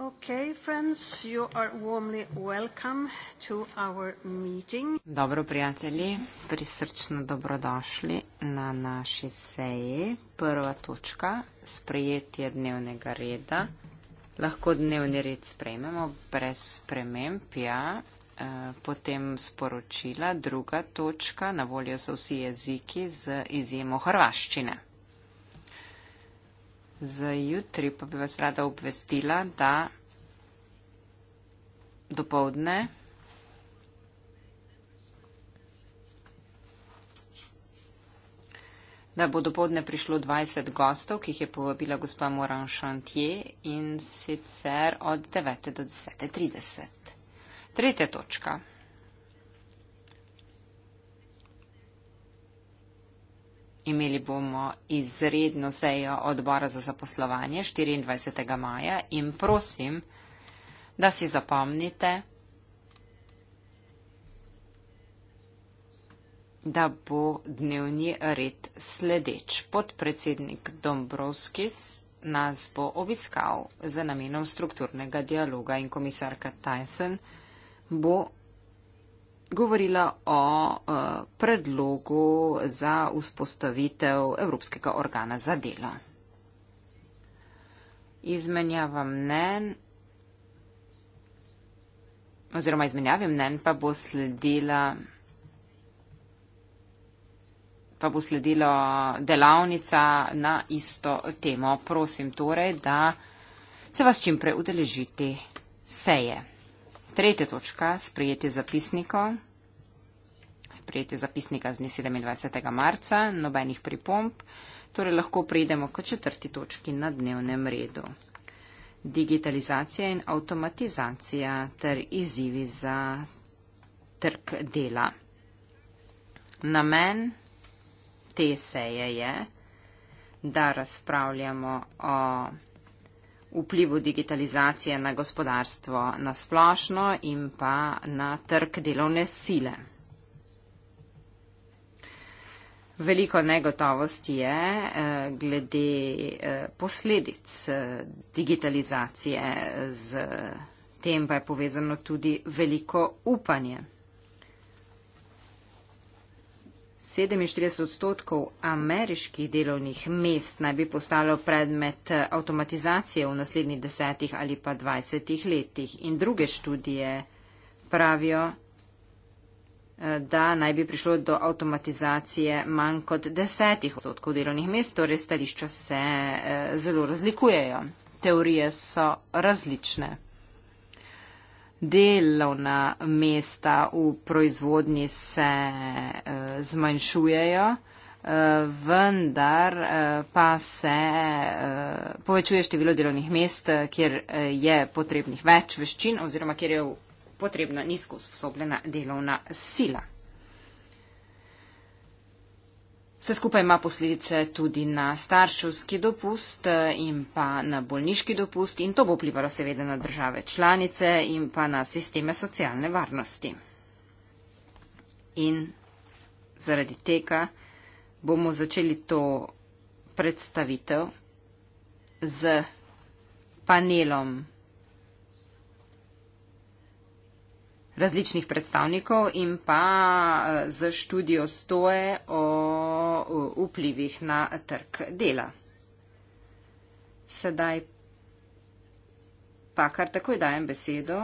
Okay, friends, you are warmly welcome to our meeting. Dobro, prijatelji, prisrčno dobrodošli na naši seji. Prva točka, sprejetje dnevnega reda. Lahko dnevni red sprejmemo brez sprememb, ja. Eh, potem sporočila, druga točka, na voljo so vsi jeziki z izjemo hrvaščine za jutri pa bi vas rada obvestila, da dopoldne da bo dopoldne prišlo 20 gostov, ki jih je povabila gospa Moran Chantier in sicer od 9 do 10.30. Tretja točka. Imeli bomo izredno sejo odbora za zaposlovanje 24. maja in prosim, da si zapomnite, da bo dnevni red sledeč. Podpredsednik Dombrovskis nas bo obiskal za namenom strukturnega dialoga in komisarka Tyson bo govorila o uh, predlogu za vzpostavitev Evropskega organa za delo. Izmenjava mnen, oziroma izmenjavi mnen pa bo sledila pa bo sledilo delavnica na isto temo. Prosim torej, da se vas čim prej udeležite seje. Tretja točka, sprejeti zapisniko. Sprejeti zapisnika z dne 27. marca, nobenih pripomp. Torej lahko pridemo k četrti točki na dnevnem redu. Digitalizacija in avtomatizacija ter izzivi za trg dela. Namen te seje je, da razpravljamo o vplivu digitalizacije na gospodarstvo na splošno in pa na trg delovne sile. Veliko negotovosti je eh, glede eh, posledic eh, digitalizacije, z tem pa je povezano tudi veliko upanje. 47 odstotkov ameriških delovnih mest naj bi postalo predmet eh, avtomatizacije v naslednjih desetih ali pa dvajsetih letih. In druge študije pravijo, eh, da naj bi prišlo do avtomatizacije manj kot desetih odstotkov delovnih mest, torej stališča se eh, zelo razlikujejo. Teorije so različne delovna mesta v proizvodnji se eh, zmanjšujejo, eh, vendar eh, pa se povečuje število delovnih mest, kjer je potrebnih več veščin oziroma kjer je potrebna nizko usposobljena delovna sila. Vse skupaj ima posledice tudi na starševski dopust eh, in pa na bolniški dopust in to bo vplivalo seveda na države članice in pa na sisteme socialne varnosti. In zaradi tega bomo začeli to predstavitev z panelom različnih predstavnikov in pa eh, z študijo stoje o vplivih na trg dela. Sedaj pa kar takoj dajem besedo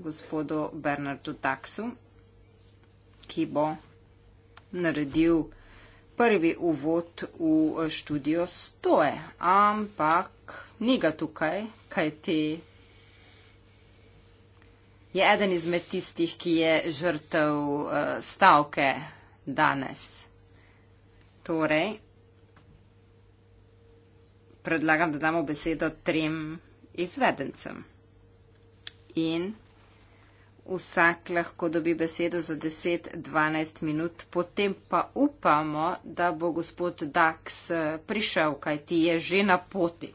gospodu Bernardu Taksu, ki bo naredil prvi uvod v študijo stoje, ampak ni ga tukaj, kaj ti je eden izmed tistih, ki je žrtev eh, stavke danes. Torej, predlagam, da damo besedo trem izvedencem. In vsak lahko dobi besedo za 10-12 minut, potem pa upamo, da bo gospod Dax eh, prišel, kaj ti je že na poti.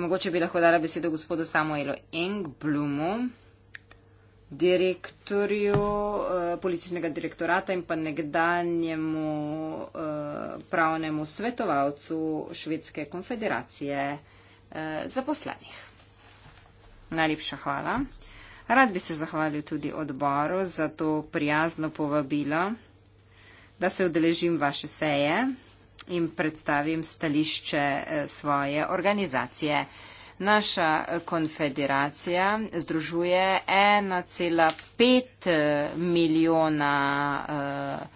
Mogoče bi lahko dala besedo gospodu Samuelu Engblumu, direktorju uh, političnega direktorata in pa nekdanjemu uh, pravnemu svetovalcu Švedske konfederacije uh, zaposlenih. Najlepša hvala. Rad bi se zahvalil tudi odboru za to prijazno povabilo, da se odeležim vaše seje in predstavim stališče eh, svoje organizacije. Naša eh, konfederacija združuje 1,5 eh, milijona uh,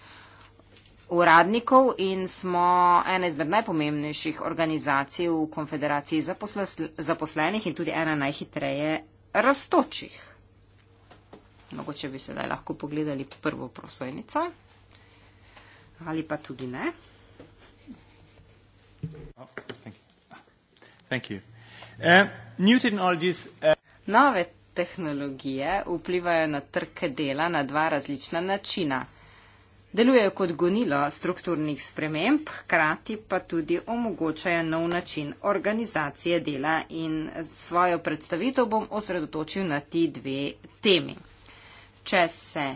uradnikov in smo ena izmed najpomembnejših organizacij v konfederaciji zaposle, zaposlenih in tudi ena najhitreje rastočih. Mogoče bi sedaj lahko pogledali prvo prosojnico ali pa tudi ne. Thank you. Uh, new technologies, uh... Nove tehnologije vplivajo na trg dela na dva različna načina. Delujejo kot gonilo strukturnih sprememb, hkrati pa tudi omogočajo nov način organizacije dela in svojo predstavitev bom osredotočil na ti dve temi. Če se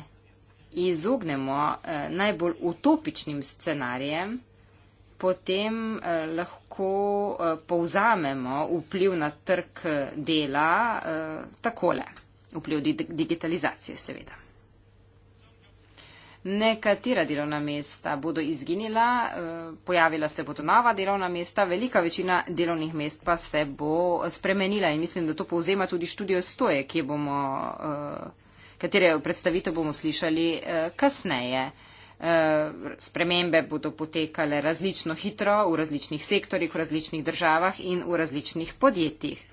izognemo eh, najbolj utopičnim scenarijem, potem eh, lahko eh, povzamemo vpliv na trg eh, dela eh, takole. Vpliv di digitalizacije, seveda. Nekatera delovna mesta bodo izginila, eh, pojavila se bodo nova delovna mesta, velika večina delovnih mest pa se bo spremenila in mislim, da to povzema tudi študijo stoje, eh, katere predstavitev bomo slišali kasneje. Eh, spremembe bodo potekale različno hitro v različnih sektorjih, v različnih državah in v različnih podjetjih.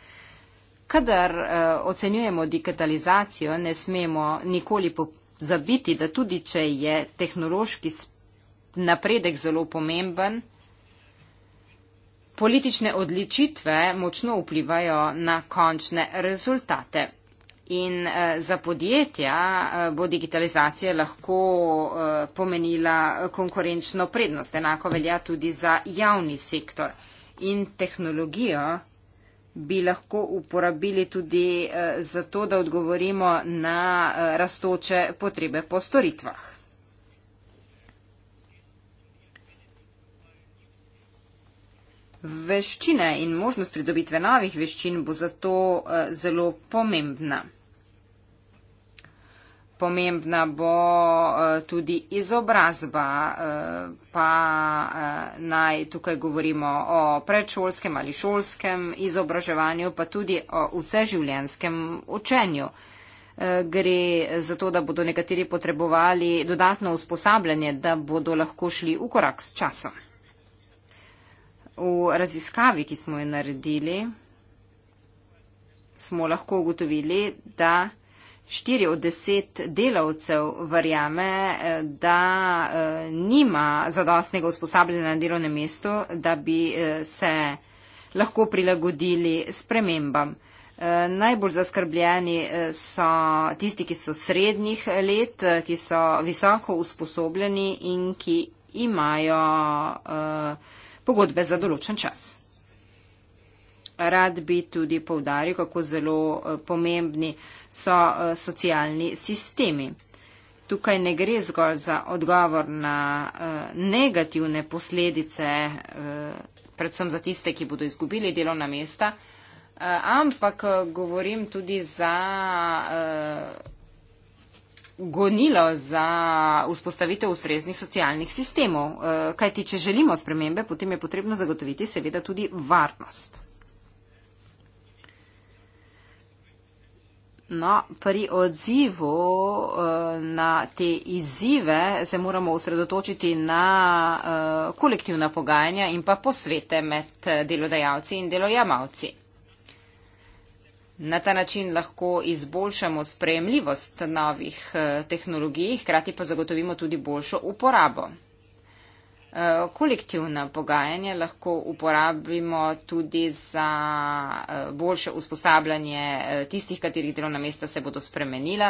Kadar eh, ocenjujemo digitalizacijo, ne smemo nikoli zabiti, da tudi če je tehnološki napredek zelo pomemben, Politične odličitve močno vplivajo na končne rezultate. In eh, za podjetja eh, bo digitalizacija lahko eh, pomenila konkurenčno prednost. Enako velja tudi za javni sektor. In tehnologijo bi lahko uporabili tudi za to, da odgovorimo na rastoče potrebe po storitvah. Veščine in možnost pridobitve novih veščin bo zato zelo pomembna pomembna bo eh, tudi izobrazba, eh, pa eh, naj tukaj govorimo o predšolskem ali šolskem izobraževanju, pa tudi o vseživljenskem učenju. Gre za to, da bodo nekateri potrebovali dodatno usposabljanje, da bodo lahko šli v korak s časom. V raziskavi, ki smo jo naredili, smo lahko ugotovili, da štiri od deset delavcev verjame, eh, da eh, nima zadostnega usposabljanja na delovnem mestu, da bi eh, se lahko prilagodili spremembam. Najbolj zaskrbljeni so tisti, ki so srednjih let, ki so visoko usposobljeni in ki imajo pogodbe za določen čas. Rad bi tudi povdaril, kako zelo eh, pomembni so eh, socialni sistemi. Tukaj ne gre zgolj za odgovor na eh, negativne posledice, predvsem za tiste, ki bodo izgubili delovna mesta, ampak govorim tudi za gonilo za vzpostavitev ustreznih socialnih sistemov. Kajti, če želimo spremembe, potem je potrebno zagotoviti seveda tudi varnost. No, pri odzivu eh, na te izzive se moramo usredotočiti na eh, kolektivna pogajanja in pa posvete med eh, delodajalci in delojamavci. Na ta način lahko izboljšamo sprejemljivost novih tehnologij, hkrati pa zagotovimo tudi boljšo uporabo. Eh, kolektivna pogajanja lahko uporabimo tudi za eh, boljše usposabljanje eh, tistih, katerih delovna mesta se bodo spremenila.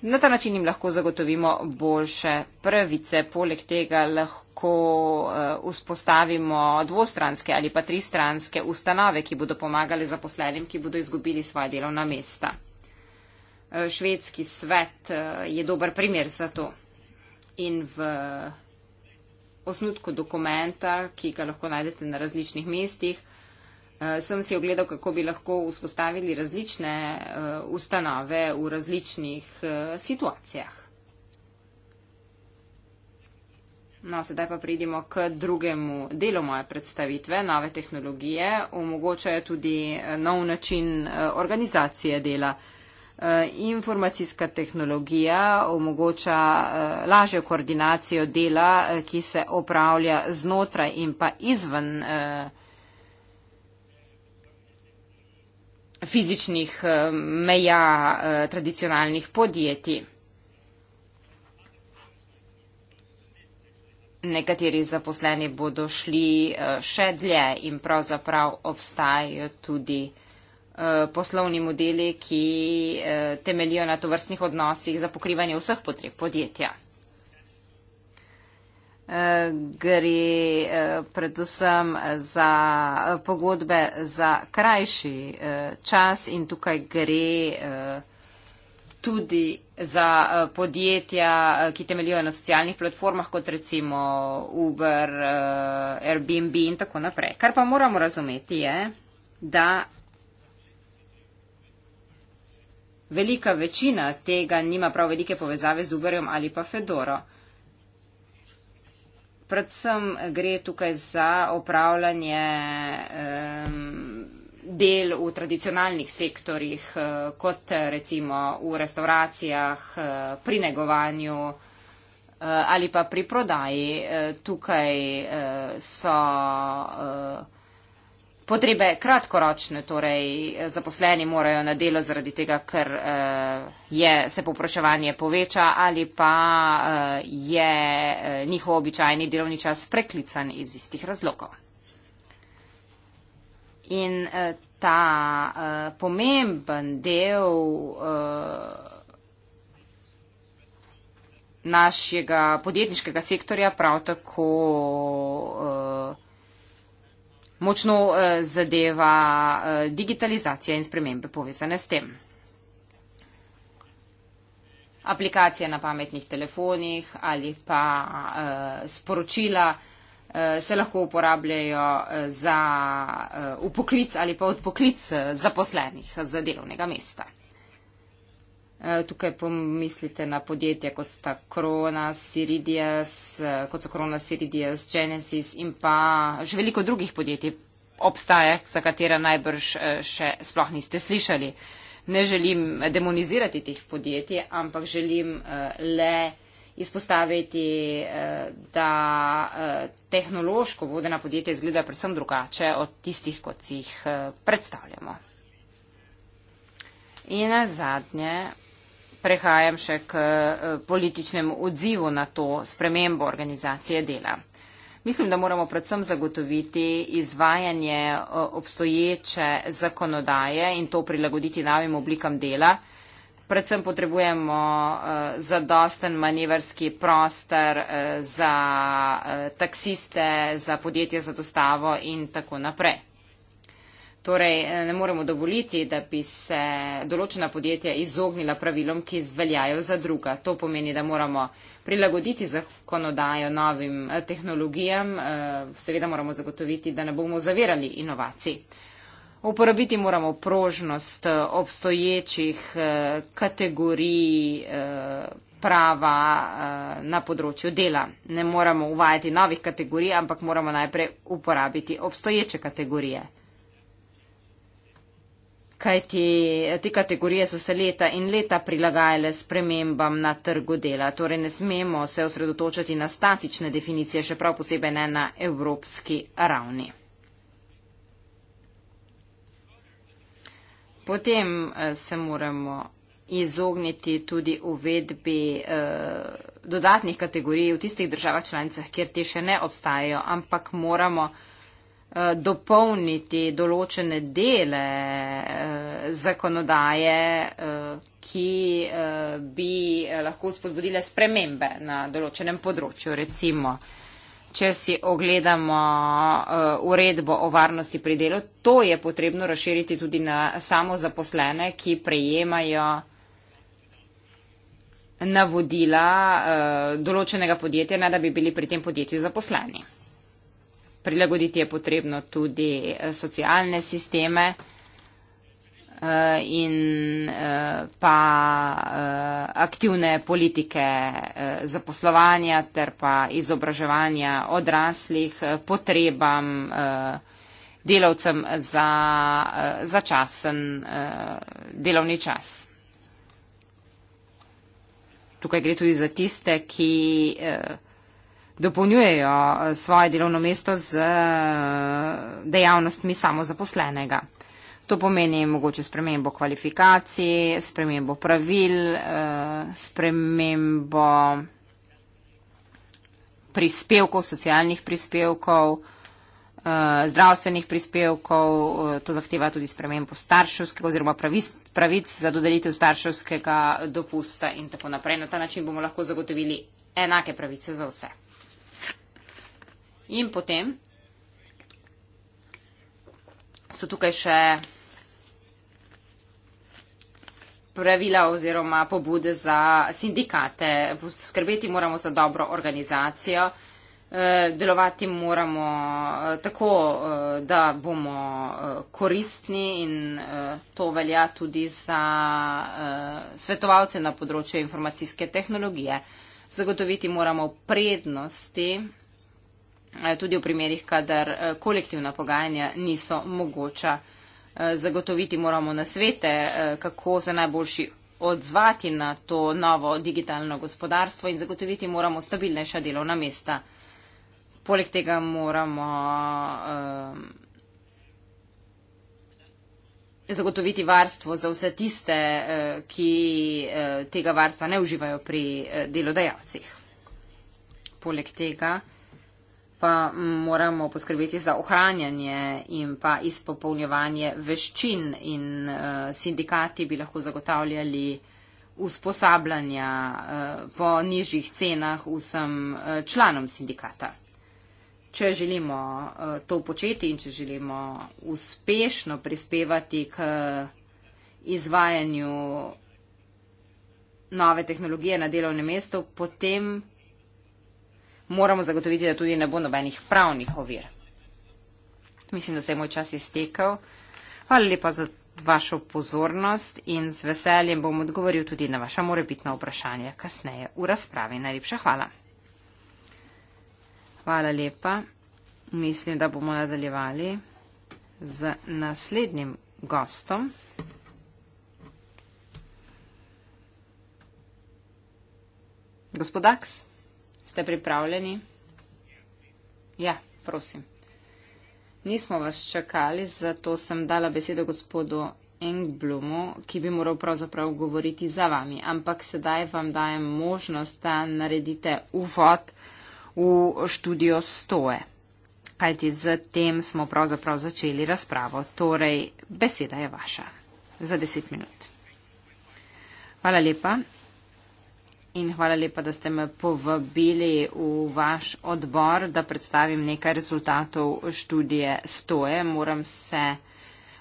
Na ta način jim lahko zagotovimo boljše pravice. Poleg tega lahko vzpostavimo dvostranske ali pa tristranske ustanove, ki bodo pomagali zaposlenim, ki bodo izgubili svoje delovna mesta. Švedski svet je dober primer za to. In v osnutku dokumenta, ki ga lahko najdete na različnih mestih, eh, sem si ogledal, kako bi lahko vzpostavili različne eh, ustanove v različnih eh, situacijah. No, sedaj pa pridimo k drugemu delu moje predstavitve. Nove tehnologije omogočajo tudi nov način organizacije dela. Eh, informacijska tehnologija omogoča eh, lažjo koordinacijo dela, eh, ki se opravlja znotraj in pa izven fizičnih meja tradicionalnih podjetij. Nekateri zaposleni bodo šli še dlje in pravzaprav obstajajo tudi. Eh, poslovni modeli, ki eh, temeljijo na tovrstnih odnosih za pokrivanje vseh potreb podjetja. Eh, gre predvsem za pogodbe za krajši čas in tukaj gre tudi za podjetja, ki temeljijo na socialnih platformah, kot recimo Uber, Airbnb in tako naprej. Kar pa moramo razumeti je, da Velika večina tega nima prav velike povezave z Uberjem ali pa Fedoro. Predvsem gre tukaj za opravljanje um, del v tradicionalnih sektorjih, eh, kot recimo v restauracijah, eh, pri negovanju eh, ali pa pri prodaji. Tukaj so. Uh, potrebe kratkoročne, torej zaposleni morajo na delo zaradi tega, ker eh, je, se poprašovanje poveča ali pa eh, je eh, njihov običajni delovni čas preklican iz istih razlogov. In ta pomemben del našega podjetniškega sektorja prav tako Močno eh, zadeva eh, digitalizacija in spremembe povezane s tem. Aplikacije na pametnih telefonih ali pa eh, sporočila eh, se lahko uporabljajo eh, za eh, upoklic ali pa odpoklic eh, zaposlenih z delovnega mesta. Eh, tukaj pomislite na podjetja, kot sta Krona, Siridias, eh, kot so Krona, Siridias, Genesis in pa še veliko drugih podjetij obstaja, za katera najbrž eh, še sploh niste slišali. Ne želim demonizirati teh podjetij, ampak želim le izpostaviti, da tehnološko vodena podjetja izgleda predvsem drugače od tistih, kot si jih predstavljamo. In na zadnje, prehajam še k eh, političnemu odzivu na to spremembo organizacije dela. Mislim, da moramo predvsem zagotoviti izvajanje eh, obstoječe zakonodaje in to prilagoditi novim oblikam dela. Predvsem potrebujemo eh, zadosten manevrski prostor za taksiste, za podjetje za dostavo in tako naprej. Torej, eh, ne moremo dovoliti, da bi se določena podjetja izognila pravilom, ki izveljajo za druga. To pomeni, da moramo prilagoditi zakonodajo novim eh, tehnologijam, eh, seveda moramo zagotoviti, da ne bomo zavirali inovacij. Uporabiti moramo prožnost obstoječih kategorij prava na področju dela. Ne moramo uvajati novih kategorij, ampak moramo najprej uporabiti obstoječe kategorije kaj ti, eh, te kategorije so se leta in leta prilagajale spremembam na trgu dela. Torej ne smemo se osredotočiti na statične definicije, še prav posebej ne na evropski ravni. Potem eh, se moramo izogniti tudi uvedbi eh, dodatnih kategorij v tistih državah članicah, kjer te še ne obstajajo, ampak moramo Eh, dopolniti določene dele eh, zakonodaje, eh, ki bi lahko spodbudile spremembe na določenem področju. Recimo, če si ogledamo uredbo o varnosti pri delu, to je potrebno razširiti tudi na samo zaposlene, ki prejemajo navodila določenega podjetja, ne da bi bili pri tem podjetju zaposleni prilagoditi je potrebno tudi eh, socialne sisteme eh, in eh, pa aktivne politike zaposlovanja ter pa izobraževanja odraslih potrebam delavcem za začasen delovni čas. Tukaj gre tudi za tiste, ki dopolnjujejo eh, svoje delovno mesto z eh, dejavnostmi samozaposlenega. To pomeni mogoče spremembo kvalifikacij, spremembo pravil, eh, spremembo prispevkov, socialnih prispevkov, zdravstvenih prispevkov, to zahteva tudi spremembo starševskega oziroma pravic za dodelitev starševskega dopusta in tako naprej. Na ta način bomo lahko zagotovili enake pravice za vse. In potem so tukaj še pravila oziroma pobude za sindikate. Skrbeti moramo za dobro organizacijo, eh, delovati moramo eh, tako, eh, da bomo koristni in to velja tudi za svetovalce na področju informacijske tehnologije. Zagotoviti moramo prednosti Eh, tudi v primerih, kadar eh, kolektivna pogajanja niso mogoča. Eh, zagotoviti moramo na svete, kako se najboljši odzvati na to novo digitalno gospodarstvo in zagotoviti moramo stabilnejša delovna mesta. Poleg tega moramo eh, zagotoviti varstvo za vse tiste, eh, ki eh, tega varstva ne uživajo pri eh, delodajalcih. Poleg tega pa moramo poskrbeti za ohranjanje in pa izpopolnjevanje veščin in uh, sindikati bi lahko zagotavljali usposabljanja uh, po nižjih cenah vsem uh, članom sindikata. Če želimo uh, to početi in če želimo uspešno prispevati k izvajanju nove tehnologije na delovnem mestu, potem moramo zagotoviti, da tudi ne bo nobenih pravnih ovir. Mislim, da se je moj čas iztekel. Hvala lepa za vašo pozornost in z veseljem bom odgovoril tudi na vaša morebitna vprašanja kasneje v razpravi. Najlepša hvala. Hvala lepa. Mislim, da bomo nadaljevali z naslednjim gostom. Gospod Aks. Ste pripravljeni? Ja, prosim. Nismo vas čakali, zato sem dala besedo gospodu Engblumu, ki bi moral pravzaprav govoriti za vami, ampak sedaj vam dajem možnost, da naredite uvod v študijo stoje. Kajti z tem smo pravzaprav začeli razpravo. Torej, beseda je vaša. Za deset minut. Hvala lepa in hvala lepa, da ste me povabili v vaš odbor, da predstavim nekaj rezultatov študije Stoje. Moram se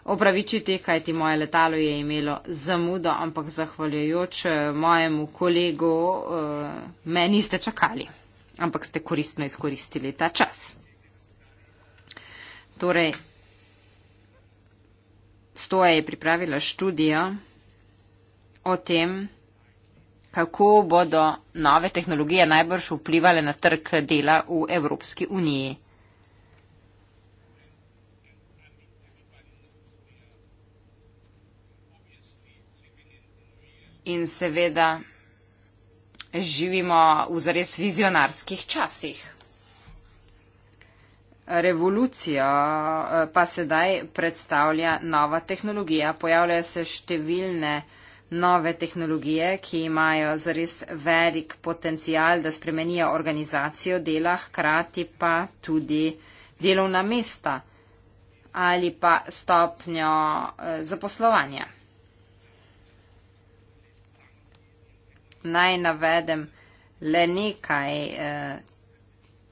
opravičiti, kajti moje letalo je imelo zamudo, ampak zahvaljujoč mojemu kolegu eh, me niste čakali, ampak ste koristno izkoristili ta čas. Torej, Stoje je pripravila študijo o tem, kako bodo nove tehnologije najbrž vplivali na trg dela v Evropski uniji. In seveda živimo v zares vizionarskih časih. Revolucijo eh, pa sedaj predstavlja nova tehnologija. Pojavljajo se številne uh, nove tehnologije, ki imajo zares velik potencial, da spremenijo organizacijo dela, hkrati pa tudi delovna mesta ali pa stopnjo eh, zaposlovanja. Naj navedem le nekaj eh,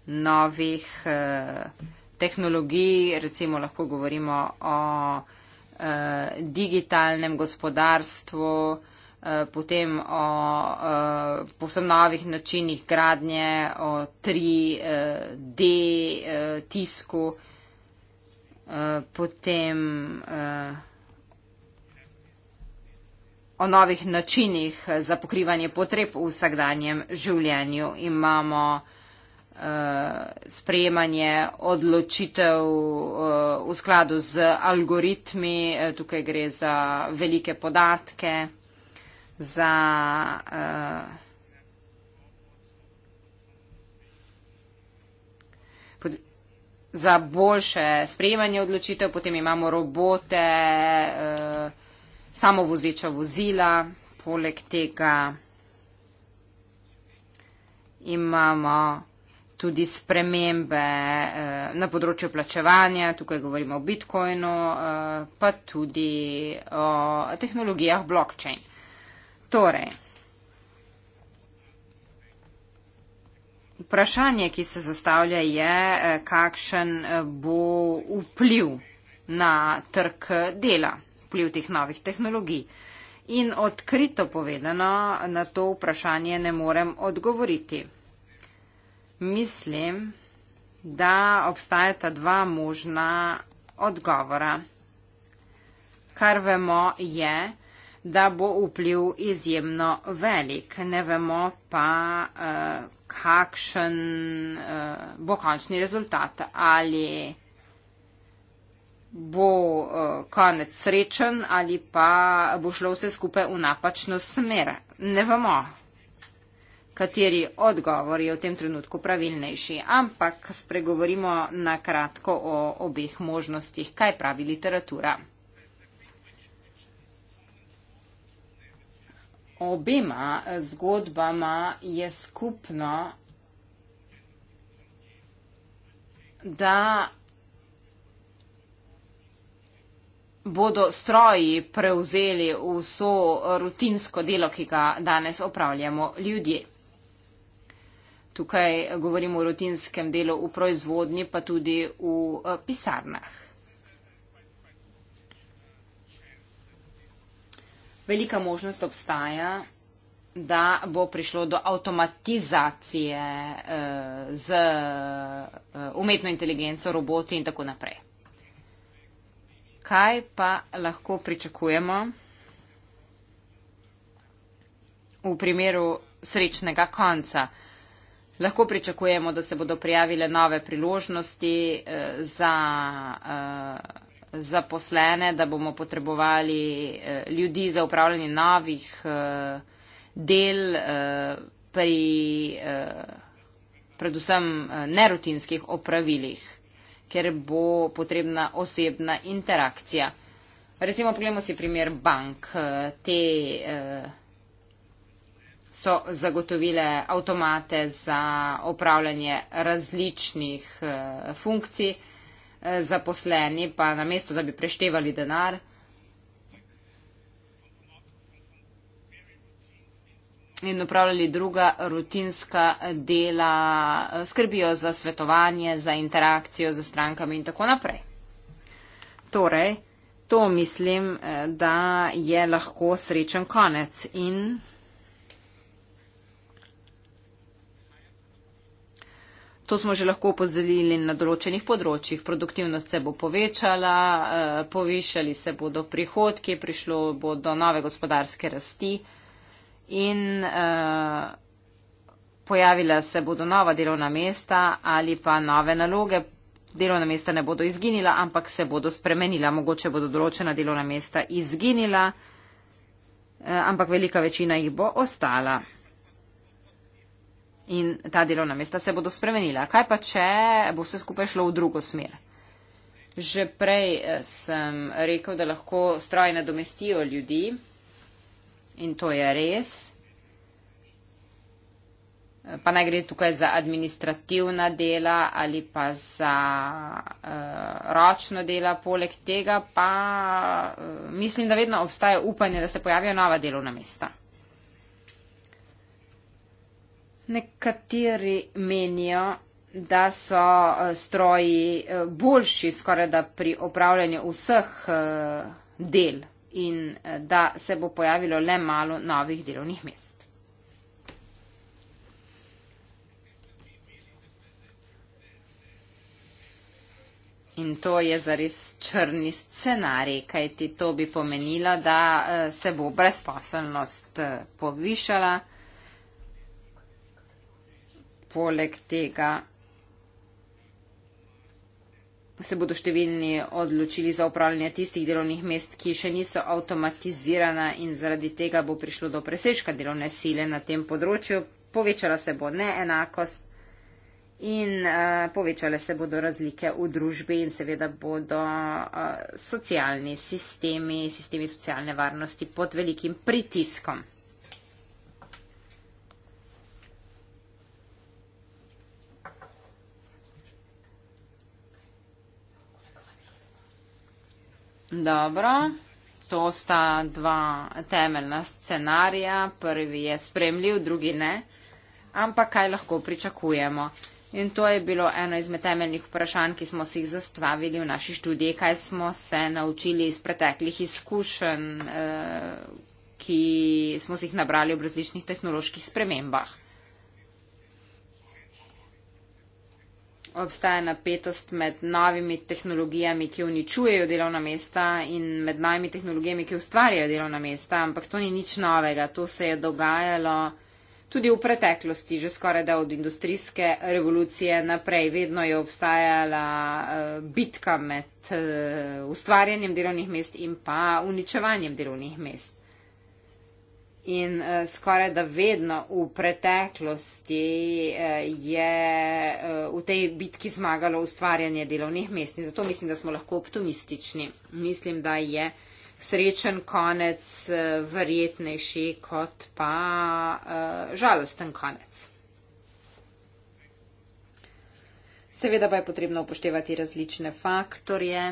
novih eh, tehnologij, recimo lahko govorimo o eh, Eh, digitalnem gospodarstvu, eh, potem o eh, povsem novih načinih gradnje, o 3D tisku, potem o novih načinih za pokrivanje potreb v vsakdanjem življenju. Imamo uh, Eh, sprejemanje odločitev eh, v skladu z algoritmi, eh, tukaj gre za velike podatke, za za boljše sprejemanje odločitev, potem imamo robote, samovozeča vozila, poleg tega imamo tudi spremembe eh, na področju plačevanja, tukaj govorimo o bitcoinu, eh, pa tudi o tehnologijah blockchain. Torej, vprašanje, ki se zastavlja, je, eh, kakšen eh, bo vpliv na trg dela, vpliv teh novih tehnologij. In odkrito povedano, na to vprašanje ne morem odgovoriti. Mislim, da obstajata dva možna odgovora. Kar vemo je, da bo vpliv izjemno velik, ne vemo pa, eh, kakšen eh, bo končni rezultat, ali bo eh, konec srečen ali pa bo šlo vse skupaj v napačno smer. Ne vemo kateri odgovor je v tem trenutku pravilnejši. Ampak spregovorimo na kratko o obeh možnostih, kaj pravi literatura. Obema zgodbama je skupno, da bodo stroji prevzeli vso rutinsko delo, ki ga danes opravljamo ljudje. Tukaj govorimo o rutinskem delu v proizvodnji, pa tudi v eh, pisarnah. Velika možnost obstaja, da bo prišlo do avtomatizacije eh, z eh, umetno inteligenco, roboti in tako naprej. Kaj pa lahko pričakujemo v primeru srečnega konca? Lahko pričakujemo, da se bodo prijavile nove priložnosti eh, za eh, zaposlene, da bomo potrebovali eh, ljudi za upravljanje novih del pri predvsem nerutinskih opravilih, ker bo potrebna osebna interakcija. Recimo, pogledamo si primer bank. Te, eh, so zagotovile avtomate za opravljanje različnih eh, funkcij, eh, zaposleni pa namesto, da bi preštevali denar, in upravljali druga rutinska dela, eh, skrbijo za svetovanje, za interakcijo z strankami in tako naprej. Torej, to mislim, da je lahko srečen konec in To smo že lahko opozorili na določenih področjih. Produktivnost se bo povečala, eh, povišali se bodo prihodki, prišlo bo do nove gospodarske rasti in eh, pojavila se bodo nova delovna mesta ali pa nove naloge. Delovna mesta ne bodo izginila, ampak se bodo spremenila. Mogoče bodo določena delovna mesta izginila, eh, ampak velika večina jih bo ostala in ta delovna mesta se bodo spremenila. Kaj pa, če bo vse skupaj šlo v drugo smer? Že prej eh, sem rekel, da lahko stroji nadomestijo ljudi in to je res. Eh, pa naj gre tukaj za administrativna dela ali pa za uh, ročno dela. Poleg tega pa uh, mislim, da vedno obstaja upanje, da se pojavijo nova delovna mesta. Nekateri menijo, da so eh, stroji eh, boljši skoraj da pri opravljanju vseh eh, del in da se bo pojavilo le malo novih delovnih mest. In to je zares črni scenarij, kajti to bi pomenilo, da se bo brezposelnost povišala poleg tega se bodo številni odločili za upravljanje tistih delovnih mest, ki še niso avtomatizirana in zaradi tega bo prišlo do presežka delovne sile na tem področju. Povečala se bo neenakost in uh, povečale se bodo razlike v družbi in seveda bodo uh, socialni sistemi, sistemi socialne varnosti pod velikim pritiskom. Dobro. To sta dva temeljna scenarija. Prvi je spremljiv, drugi ne. Ampak kaj lahko pričakujemo? In to je bilo eno izmed temeljnih vprašanj, ki smo si jih zastavili v naši študiji, kaj smo se naučili iz preteklih izkušenj, eh, ki smo si jih nabrali ob različnih tehnoloških spremembah. obstaja napetost med novimi tehnologijami, ki uničujejo delovna mesta in med novimi tehnologijami, ki ustvarjajo delovna mesta, ampak to ni nič novega. To se je dogajalo tudi v preteklosti, že skoraj da od industrijske revolucije naprej. Vedno je obstajala eh, bitka med eh, ustvarjanjem delovnih mest in pa uničevanjem delovnih mest. In uh, skoraj da vedno v preteklosti uh, je uh, v tej bitki zmagalo ustvarjanje delovnih mest. In zato mislim, da smo lahko optimistični. Mislim, da je srečen konec uh, verjetnejši kot pa uh, žalosten konec. Seveda pa je potrebno upoštevati različne faktorje.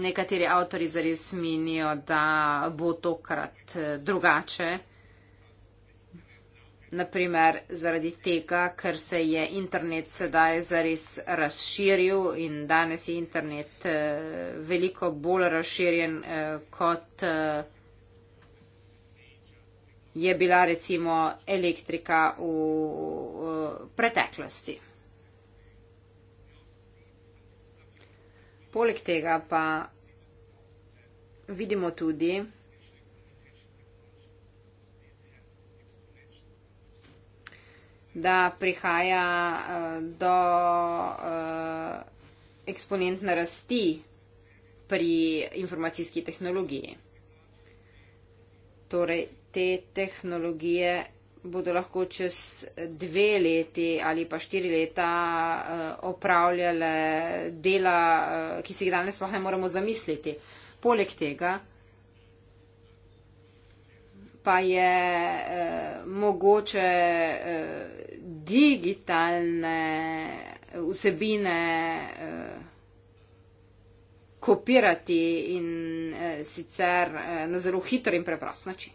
Nekateri avtori zares menijo, da bo tokrat drugače naprimer zaradi tega, ker se je internet sedaj zares razširil in danes je internet eh, veliko bolj razširjen eh, kot eh, je bila recimo elektrika v preteklosti. Poleg tega pa vidimo tudi, da prihaja uh, do uh, eksponentne rasti pri informacijski tehnologiji. Torej, te tehnologije bodo lahko čez dve leti ali pa štiri leta uh, opravljale dela, uh, ki si jih danes sploh ne moremo zamisliti. Poleg tega pa je uh, mogoče uh, digitalne vsebine eh, kopirati in eh, sicer eh, na zelo hiter in preprost način.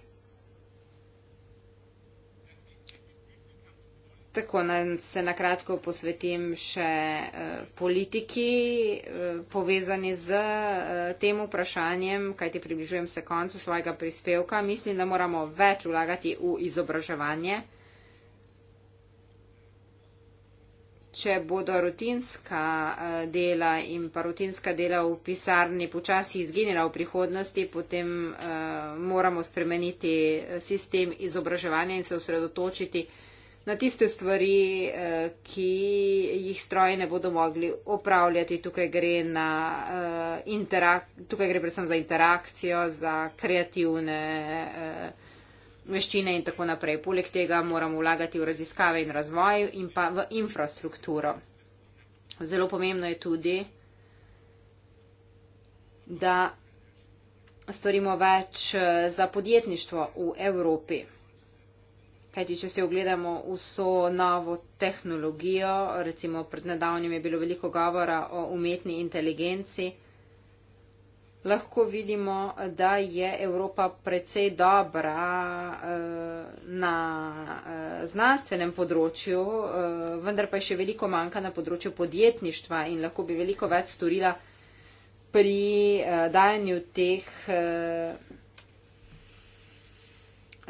Tako na, se nakratko posvetim še eh, politiki eh, povezani z eh, tem vprašanjem, kajti približujem se koncu svojega prispevka. Mislim, da moramo več vlagati v izobraževanje. če bodo rutinska eh, dela in pa rutinska dela v pisarni počasi izginila v prihodnosti, potem uh, moramo spremeniti eh, sistem izobraževanja in se osredotočiti na tiste stvari, uh, ki jih stroji ne bodo mogli opravljati. Tukaj gre, na, uh, tukaj gre predvsem za interakcijo, za kreativne. Uh, veščine in tako naprej. Poleg tega moramo vlagati v raziskave in razvoj in pa v infrastrukturo. Zelo pomembno je tudi, da storimo več eh, za podjetništvo v Evropi. Kajti, če se ogledamo vso novo tehnologijo, recimo pred nedavnim je bilo veliko govora o umetni inteligenci lahko vidimo, da je Evropa precej dobra eh, na eh, znanstvenem področju, eh, vendar pa je še veliko manjka na področju podjetništva in lahko bi veliko več storila pri dajanju teh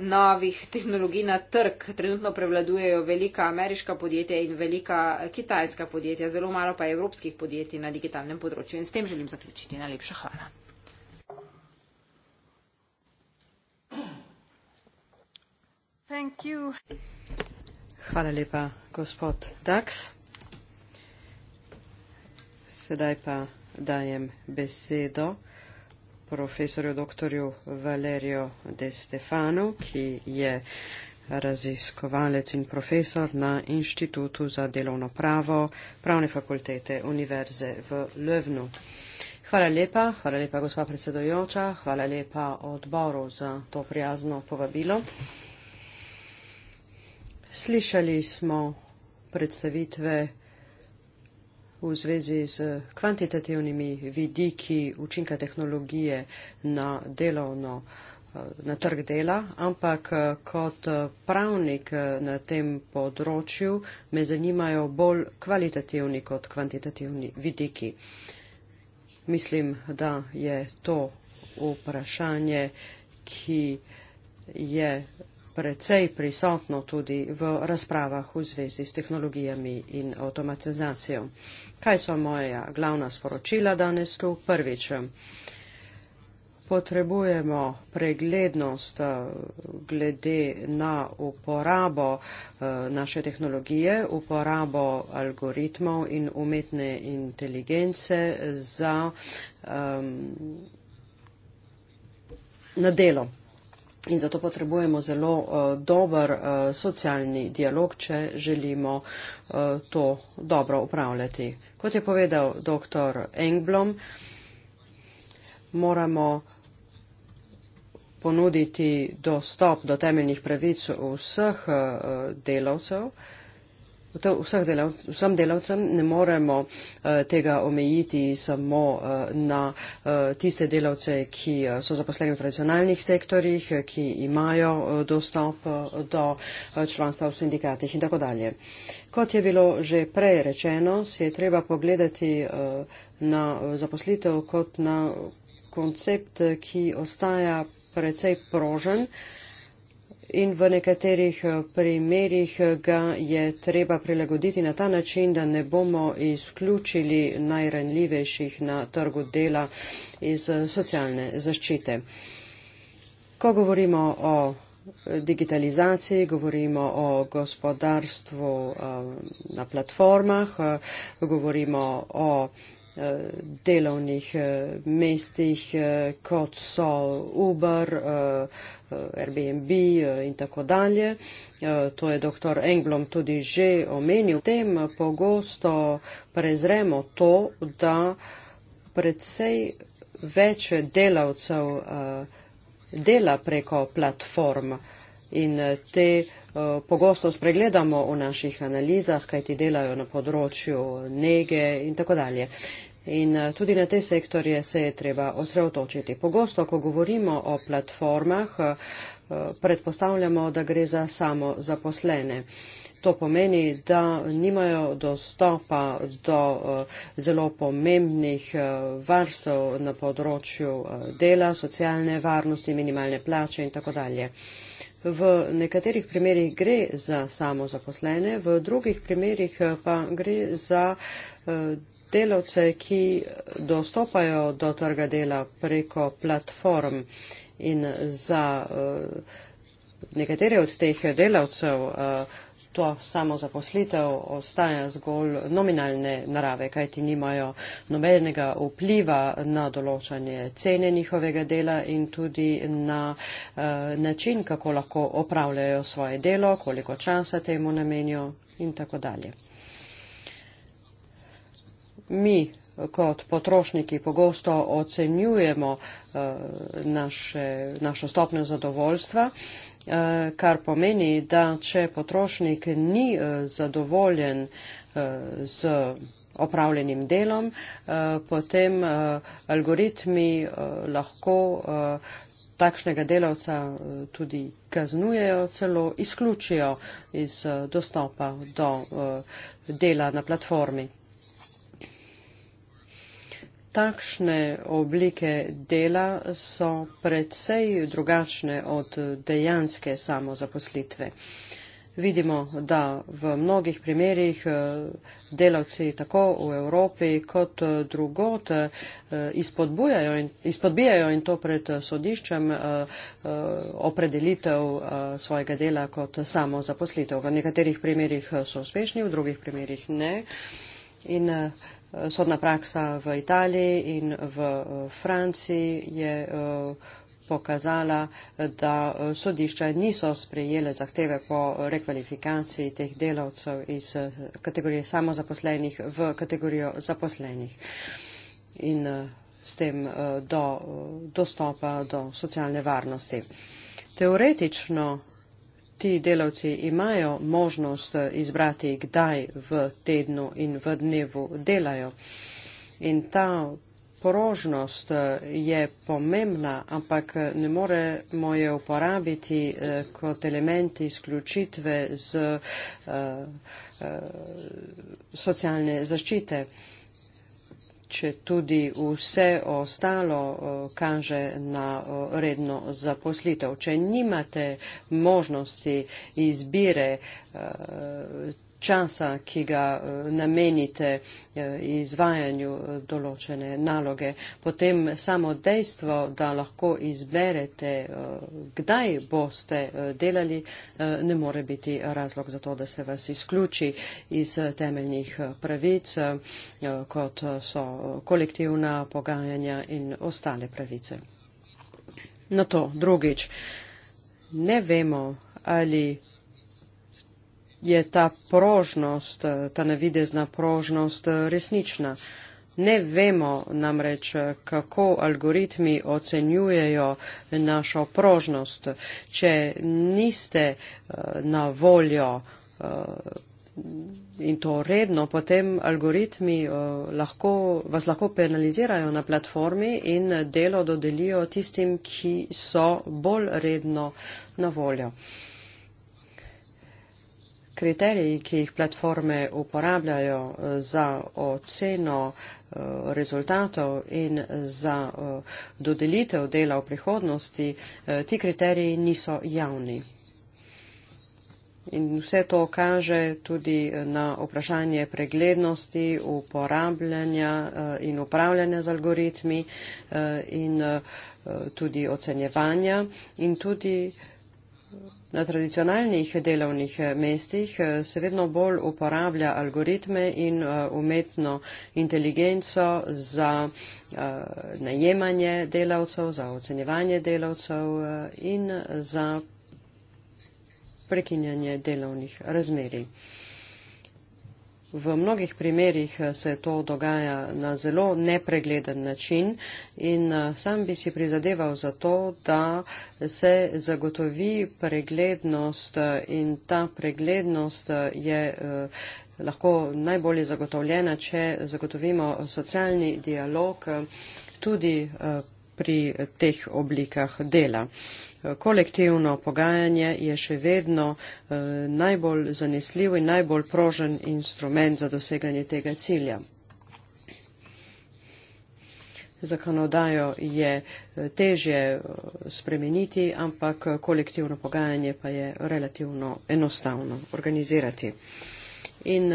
novih tehnologij na trg. Trenutno prevladujejo velika ameriška podjetja in velika kitajska podjetja, zelo malo pa evropskih podjetij na digitalnem področju. In s tem želim zaključiti. Najlepša hvala. Hvala lepa, gospod Dax. Sedaj pa dajem besedo profesorju dr. Valerijo De Stefanu, ki je raziskovalec in profesor na Inštitutu za delovno pravo Pravne fakultete Univerze v Lövnu. Hvala lepa, hvala lepa gospa predsedojoča, hvala lepa odboru za to prijazno povabilo. Slišali smo predstavitve v zvezi z kvantitativnimi vidiki učinka tehnologije na delovno, eh, na trg dela, ampak eh, kot eh, pravnik na tem področju me zanimajo bolj kvalitativni kot kvantitativni vidiki. Mislim, da je to vprašanje, ki je precej prisotno tudi v razpravah v zvezi s tehnologijami in avtomatizacijo. Kaj so moja glavna sporočila danes tu? Prvič, potrebujemo preglednost eh, glede na uporabo eh, naše tehnologije, uporabo algoritmov in umetne inteligence za um, na delo. In zato potrebujemo zelo uh, dober uh, socialni dialog, če želimo uh, to dobro upravljati. Kot je povedal dr. Engblom, moramo ponuditi dostop do temeljnih pravic vseh uh, delavcev. Uh, Vseh delavc, vsem delavcem ne moremo uh, tega omejiti samo uh, na uh, tiste delavce, ki uh, so zaposleni v tradicionalnih sektorjih, ki imajo uh, dostop uh, do uh, članstva v sindikatih in tako dalje. Kot je bilo že prej rečeno, si je treba pogledati uh, na zaposlitev kot na koncept, ki ostaja precej prožen. Uh, in v nekaterih eh, primerjih eh, ga je treba prilagoditi na ta način, da ne bomo izključili najranljivejših na trgu dela iz eh, socialne zaščite. Ko govorimo o digitalizaciji, govorimo o gospodarstvu na platformah, govorimo o Eh, delovnih eh, mestih, eh, kot so Uber, Airbnb in tako dalje. To je dr. Englom tudi že omenil. Tem pogosto prezremo to, da predvsej več delavcev dela preko platform in te platforme. Eh, pogosto spregledamo v naših analizah, kaj ti delajo na področju nege in tako dalje. In eh, tudi na te sektorje se je treba osredotočiti. Pogosto, ko govorimo o platformah, eh, predpostavljamo, da gre za samo zaposlene. To pomeni, da nimajo dostopa do eh, zelo pomembnih varstov na področju dela, socialne varnosti, minimalne plače in tako dalje. V nekaterih primerjih gre za samo zaposlene, v drugih primerjih pa gre za delavce, ki dostopajo do trga dela preko platform in za eh, nekatere od teh delavcev eh, to samo zaposlitev ostaja zgolj nominalne narave, kajti nimajo nobenega vpliva na določanje cene njihovega dela in tudi na eh, način, kako lahko opravljajo svoje delo, koliko časa temu namenijo in tako dalje mi kot potrošniki pogosto ocenjujemo eh, naše, našo stopnjo zadovoljstva, eh, kar pomeni, da če potrošnik ni eh, zadovoljen z opravljenim delom, potem algoritmi lahko takšnega delavca tudi kaznujejo, celo izključijo iz dostopa do dela na platformi takšne oblike dela so predvsej drugačne od dejanske samozaposlitve. Vidimo, da v mnogih primerjih eh, delavci tako v Evropi kot eh, drugot eh, izpodbijajo in to pred sodiščem opredelitev svojega dela kot samozaposlitev. V nekaterih primerjih so uspešni, v drugih primerjih ne. In, uh, sodna praksa v Italiji in v eh, Franciji je eh, pokazala, da eh, sodišča niso sprejele zahteve po rekvalifikaciji teh delavcev iz kategorije samozaposlenih v kategorijo zaposlenih in s tem do dostopa do socialne varnosti. Teoretično ti delavci imajo možnost izbrati, kdaj v tednu in v dnevu delajo. In ta porožnost je pomembna, ampak ne moremo jo uporabiti eh, kot element izključitve z eh, eh, socialne zaščite če tudi vse ostalo eh, kaže na eh, redno zaposlitev. Če nimate možnosti izbire eh, časa, ki ga eh, namenite eh, izvajanju eh, določene naloge, potem samo dejstvo, da lahko izberete, kdaj boste delali, ne more biti razlog za to, da se vas izključi iz temeljnih pravic, kot so kolektivna pogajanja in ostale pravice. Na to drugič. Ne vemo, ali je ta prožnost, ta navidezna prožnost eh, resnična. Ne vemo namreč, eh, kako algoritmi ocenjujejo našo prožnost. Če niste eh, na voljo in to redno, potem algoritmi lahko, vas lahko penalizirajo na platformi in delo dodelijo tistim, ki so bolj redno na voljo. Kriteriji, ki jih platforme uporabljajo eh, za oceno eh, rezultatov in za eh, dodelitev dela v prihodnosti, ti kriteriji niso javni. In vse to kaže tudi na vprašanje preglednosti, uporabljanja in upravljanja z algoritmi in tudi ocenjevanja in tudi Na tradicionalnih delovnih eh, mestih eh, se vedno bolj uporablja algoritme in eh, umetno inteligenco za najemanje delavcev, za ocenjevanje delavcev in za prekinjanje delovnih razmerij. V mnogih primerjih eh, se to dogaja na zelo nepregleden način in eh, sam bi si prizadeval za to, da se zagotovi preglednost eh, in ta preglednost je lahko najbolje zagotovljena, če zagotovimo socialni dialog tudi pri teh oblikah dela. Kolektivno pogajanje je še vedno eh, najbolj zanesljiv in najbolj prožen instrument za doseganje tega cilja. Zakonodajo je eh, težje eh, spremeniti, ampak kolektivno pogajanje pa je relativno enostavno organizirati. In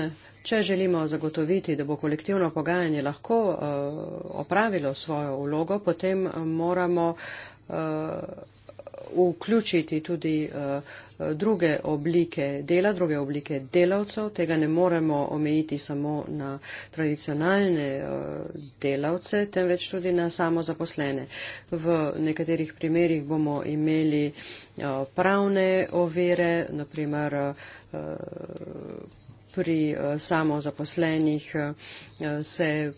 Če želimo zagotoviti, da bo kolektivno pogajanje lahko uh, opravilo svojo vlogo, potem eh, moramo uh, vključiti tudi uh, druge oblike dela, druge oblike delavcev. Tega ne moremo omejiti samo na tradicionalne uh, delavce, temveč tudi na samo zaposlene. V nekaterih primerjih bomo imeli uh, pravne ovire, naprimer. Uh, pri eh, samozaposlenih eh, se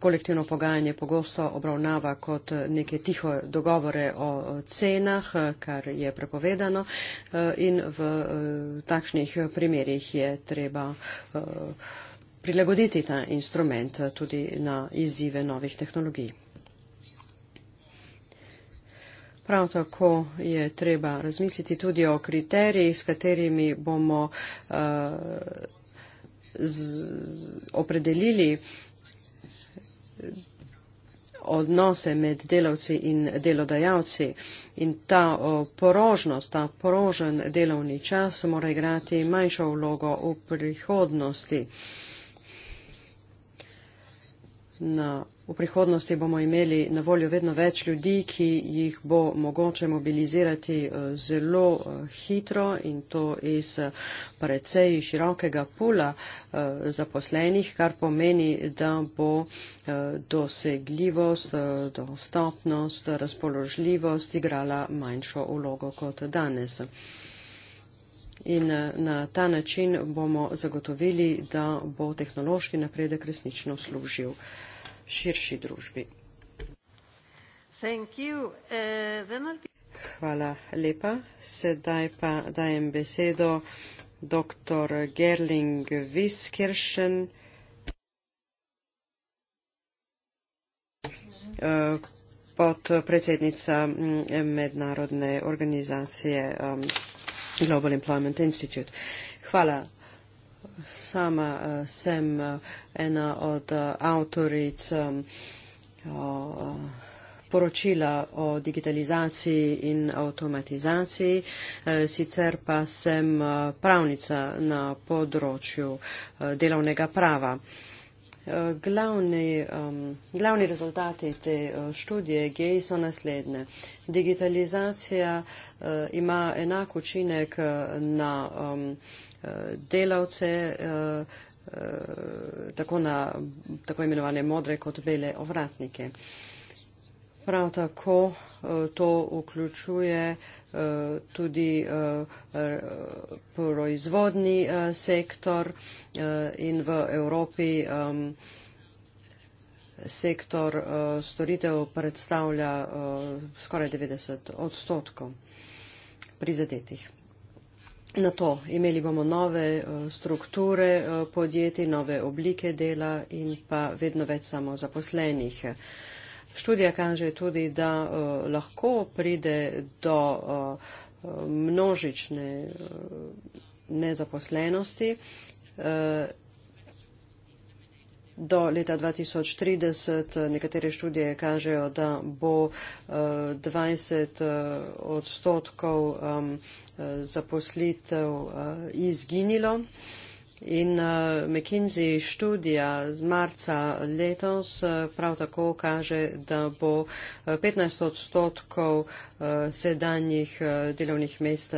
kolektivno pogajanje pogosto obravnava kot eh, neke tiho dogovore o cenah, kar je prepovedano in v takšnih primerjih je treba prilagoditi ta instrument tudi na izzive novih tehnologij. Prav tako je treba razmisliti tudi o kriterijih, s katerimi bomo uh, z, z, opredelili odnose med delavci in delodajalci. In ta porožnost, ta porožen delovni čas mora igrati manjšo vlogo v prihodnosti. Na V prihodnosti bomo imeli na voljo vedno več ljudi, ki jih bo mogoče mobilizirati eh, zelo eh, hitro in to iz eh, precej širokega pula zaposlenih, kar pomeni, da bo dosegljivost, dostopnost, razpoložljivost igrala manjšo vlogo kot danes. In na ta način bomo zagotovili, da bo tehnološki napredek resnično služil širši družbi. Eh, Hvala lepa. Sedaj pa dajem besedo dr. Gerling Viskersen, eh, podpredsednica mm, mednarodne organizacije eh, Global Employment Institute. Hvala. Sama uh, sem uh, ena od uh, avtoric um, o, poročila o digitalizaciji in avtomatizaciji, uh, sicer pa sem uh, pravnica na področju uh, delovnega prava. Glavni, um, glavni rezultati te študije GEI so naslednje. Digitalizacija uh, ima enak učinek na um, Eh, delavce eh, eh, tako na tako imenovane modre kot bele ovratnike. Prav tako to vključuje tudi proizvodni sektor in v Evropi sektor storitev predstavlja skoraj 90 odstotkov prizadetih na to. Imeli bomo nove eh, strukture eh, podjetij, nove oblike dela in pa vedno več samo zaposlenih. Študija kaže tudi, da eh, lahko pride do množične nezaposlenosti do leta 2030. Eh, nekatere študije kažejo, da bo 20 eh, eh, odstotkov zaposlitev izginilo. In uh, McKinsey študija z marca letos uh, prav tako kaže, da bo 15 uh, odstotkov uh, sedanjih uh, delovnih mest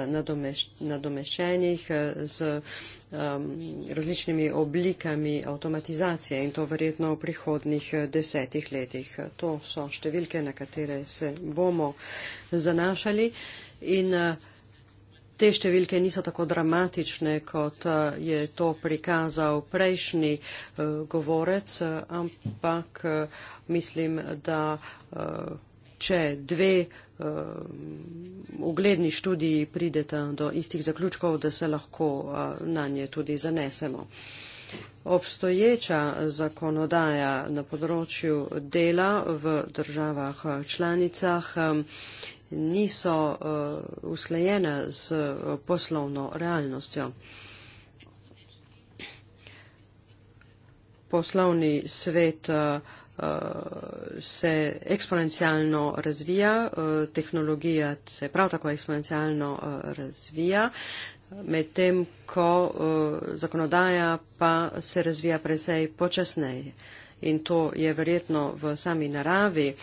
nadomešenih uh, z um, različnimi oblikami avtomatizacije in to verjetno v prihodnih uh, desetih letih. To so številke, na katere se bomo zanašali. In, uh, Te številke niso tako dramatične, kot eh, je to prikazal prejšnji eh, govorec, eh, ampak mislim, da če dve ugledni študiji prideta do istih zaključkov, da se lahko na nje tudi zanesemo. Obstoječa zakonodaja na področju dela v državah članicah niso uh, usklajene z eh, poslovno realnostjo. Poslovni svet uh, se eksponencialno razvija, uh, tehnologija se prav tako eksponencialno uh, razvija, medtem ko uh, zakonodaja pa se razvija precej počasneje. In to je verjetno v sami naravi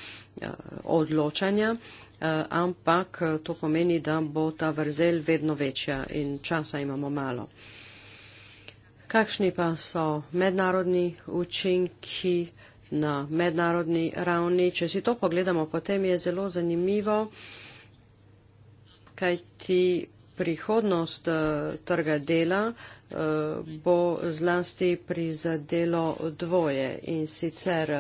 uh, odločanja, uh, Eh, ampak eh, to pomeni, da bo ta vrzel vedno večja in časa imamo malo. Kakšni pa so mednarodni učinki na mednarodni ravni? Če si to pogledamo, potem je zelo zanimivo, kaj ti prihodnost eh, trga dela bo zlasti prizadelo dvoje in sicer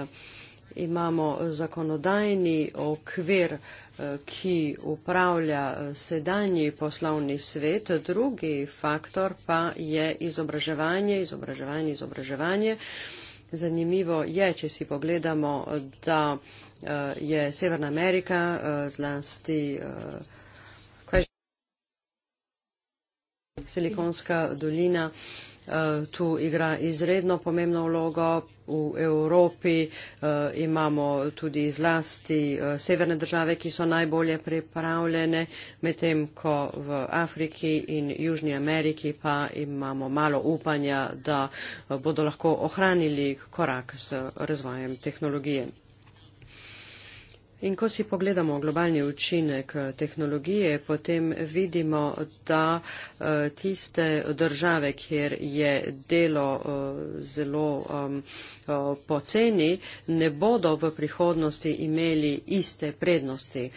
imamo zakonodajni okvir, ki upravlja sedanji poslovni svet, drugi faktor pa je izobraževanje, izobraževanje, izobraževanje. Zanimivo je, če si pogledamo, da je Severna Amerika zlasti. Silikonska dolina. Eh, tu igra izredno pomembno vlogo. V Evropi eh, imamo tudi zlasti eh, severne države, ki so najbolje pripravljene, medtem ko v Afriki in Južni Ameriki pa imamo malo upanja, da bodo lahko ohranili korak z razvojem tehnologije. In ko si pogledamo globalni učinek eh, tehnologije, potem vidimo, da eh, tiste države, kjer je delo eh, zelo poceni, ne bodo v prihodnosti imeli iste prednosti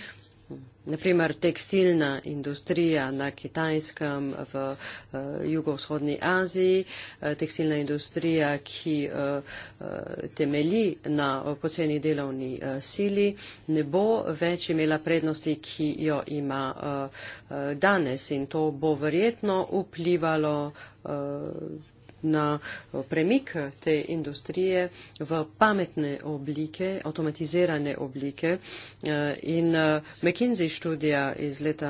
naprimer tekstilna industrija na Kitajskem v eh, jugovzhodni Aziji, eh, tekstilna industrija, ki eh, temelji na poceni delovni sili, ne bo več imela prednosti, ki jo ima danes in to bo verjetno vplivalo na eh, premik te industrije v pametne oblike, avtomatizirane oblike eh, in eh, McKinsey študija iz leta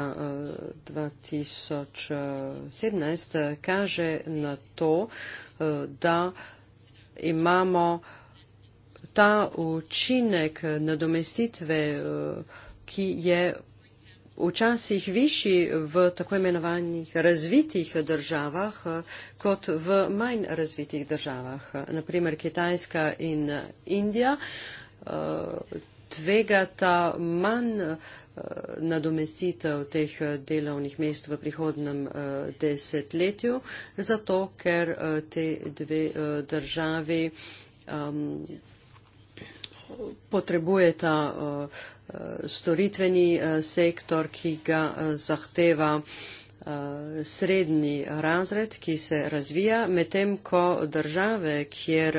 2017 kaže na to, da imamo ta učinek nadomestitve, ki je včasih višji v tako imenovanih razvitih državah eh, kot v manj razvitih državah. Naprimer Kitajska in eh, Indija eh, tvegata manj nadomestitev teh delovnih mest v prihodnem desetletju, zato ker te dve državi ehm, potrebujeta eh, eh, storitveni eh, sektor, ki ga zahteva srednji razred, ki se razvija, medtem ko države, kjer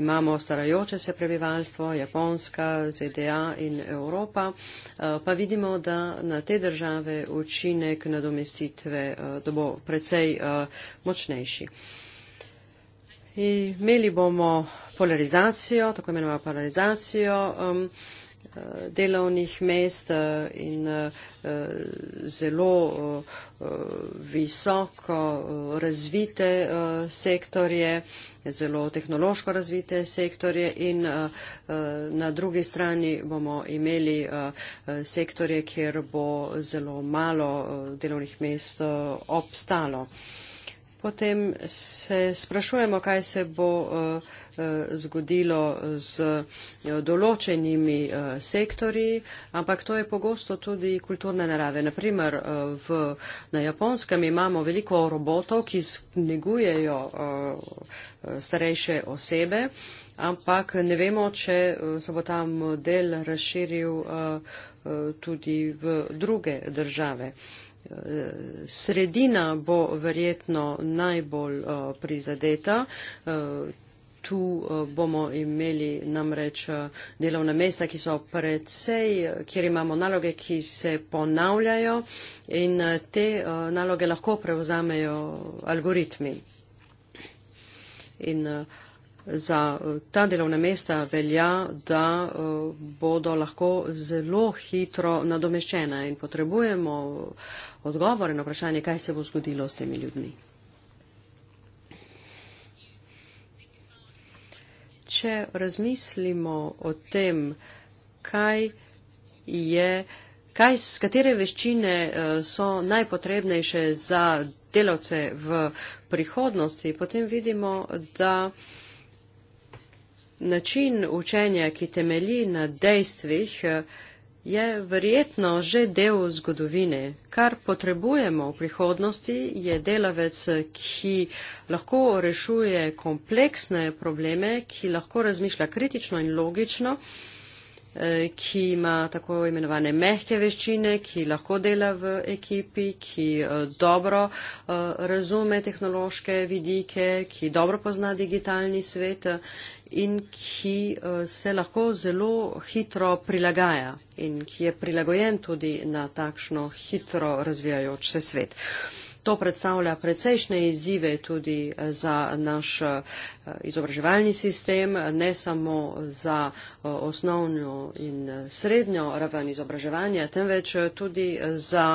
imamo starajoče se prebivalstvo, Japonska, ZDA in Evropa, pa vidimo, da na te države učinek nadomestitve bo precej močnejši. Imeli bomo polarizacijo, tako imenovano polarizacijo um, eh, delovnih mest eh, in eh, zelo visoko razvite sektorje, zelo tehnološko razvite sektorje in na drugi strani bomo imeli sektorje, kjer bo zelo malo delovnih mest obstalo potem se sprašujemo, kaj se bo eh, eh, zgodilo z eh, določenimi sektorji, ampak to je pogosto tudi kulturne narave. Naprimer, v, na Japonskem imamo veliko robotov, ki negujejo starejše osebe, ampak ne vemo, če se bo ta model razširil tudi v druge države sredina bo verjetno najbolj eh, prizadeta. Eh, tu eh, bomo imeli namreč delovna mesta, ki so predvsej, kjer imamo naloge, ki se ponavljajo in te naloge lahko prevzamejo algoritmi. In uh, za eh, ta delovna mesta velja, da eh, bodo lahko zelo hitro nadomeščena in potrebujemo eh, odgovore na vprašanje, kaj se bo zgodilo s temi ljudmi. Če razmislimo o tem, kaj je, kaj, katere veščine so najpotrebnejše za delavce v prihodnosti, potem vidimo, da način učenja, ki temelji na dejstvih, je verjetno že del zgodovine. Kar potrebujemo v prihodnosti je delavec, ki lahko rešuje kompleksne probleme, ki lahko razmišlja kritično in logično, eh, ki ima tako imenovane mehke veščine, ki lahko dela v ekipi, ki eh, dobro eh, razume tehnološke vidike, ki dobro pozna digitalni svet in ki eh, se lahko zelo hitro prilagaja in ki je prilagojen tudi na takšno hitro razvijajoč se svet. To predstavlja precejšnje izzive tudi eh, za naš eh, izobraževalni sistem, ne samo za osnovno in srednjo raven izobraževanja, temveč tudi za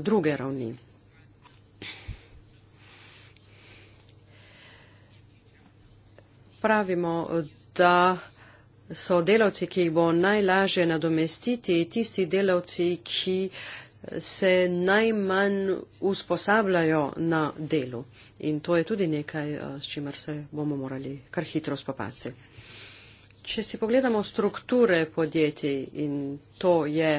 druge ravni. pravimo, da so delavci, ki jih bo najlažje nadomestiti, tisti delavci, ki se najmanj usposabljajo na delu. In to je tudi nekaj, eh, s čimer se bomo morali kar hitro spopasti. Če si pogledamo strukture podjetij in to je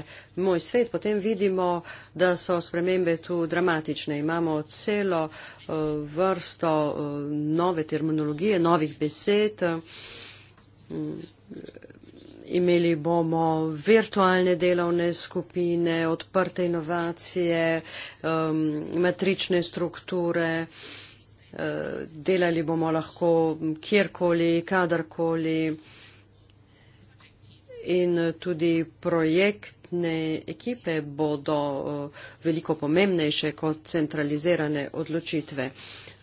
moj svet, potem vidimo, da so spremembe tu dramatične. Imamo celo eh, vrsto eh, nove terminologije, novih besed. Mm, imeli bomo virtualne delovne skupine, odprte inovacije, matrične strukture. Eh, delali bomo lahko kjerkoli, kadarkoli in eh, tudi projektne ekipe bodo eh, veliko pomembnejše kot centralizirane odločitve.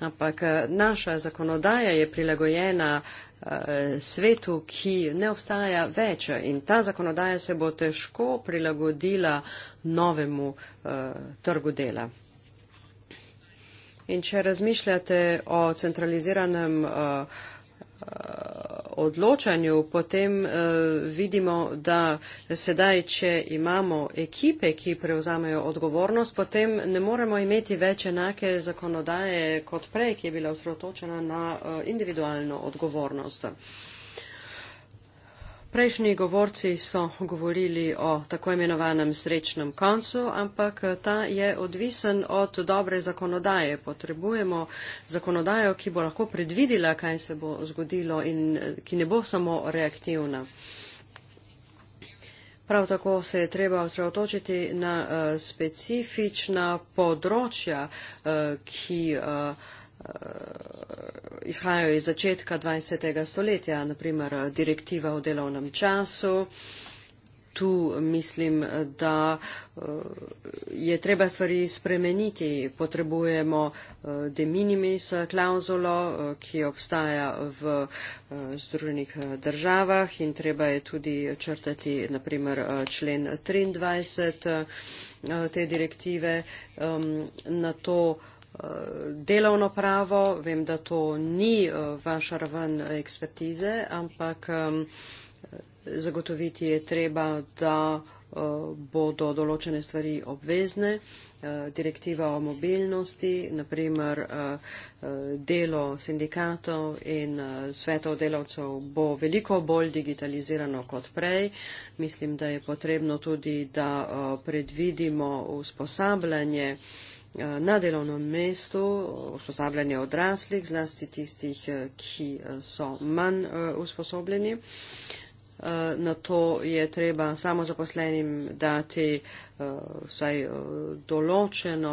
Ampak eh, naša zakonodaja je prilagojena svetu, ki ne obstaja več in ta zakonodaja se bo težko prilagodila novemu trgu dela. In če razmišljate o centraliziranem uh, odločanju, potem uh, vidimo, da sedaj, če imamo ekipe, ki prevzamejo odgovornost, potem ne moremo imeti več enake zakonodaje kot prej, ki je bila osredotočena na uh, individualno odgovornost. Uh, Prejšnji govorci so govorili o tako imenovanem srečnem koncu, ampak eh, ta je odvisen od dobre zakonodaje. Potrebujemo zakonodajo, ki bo lahko predvidila, kaj se bo zgodilo in eh, ki ne bo samo reaktivna. Prav tako se je treba osredotočiti na uh, specifična področja, uh, ki. Uh, izhajajo iz začetka 20. stoletja, naprimer eh, direktiva o delovnem času. Tu mislim, da eh, je treba stvari spremeniti. Potrebujemo eh, de minimis klauzulo, ki obstaja v Združenih državah in treba je tudi črtati naprimer člen 23 te direktive. Ehm, na to Eh, delovno pravo, vem, da to ni eh, vaša raven ekspertize, ampak zagotoviti je treba, da eh, bodo določene stvari obvezne. Direktiva o mobilnosti, naprimer delo sindikatov in svetov delavcev bo veliko bolj digitalizirano kot prej. Mislim, da je potrebno tudi, da predvidimo usposabljanje Eh, na delovnem mestu, usposabljanje odraslih, zlasti tistih, eh, ki eh, so manj usposobljeni. Eh, na to je treba samozaposlenim dati eh, vsaj eh, določeno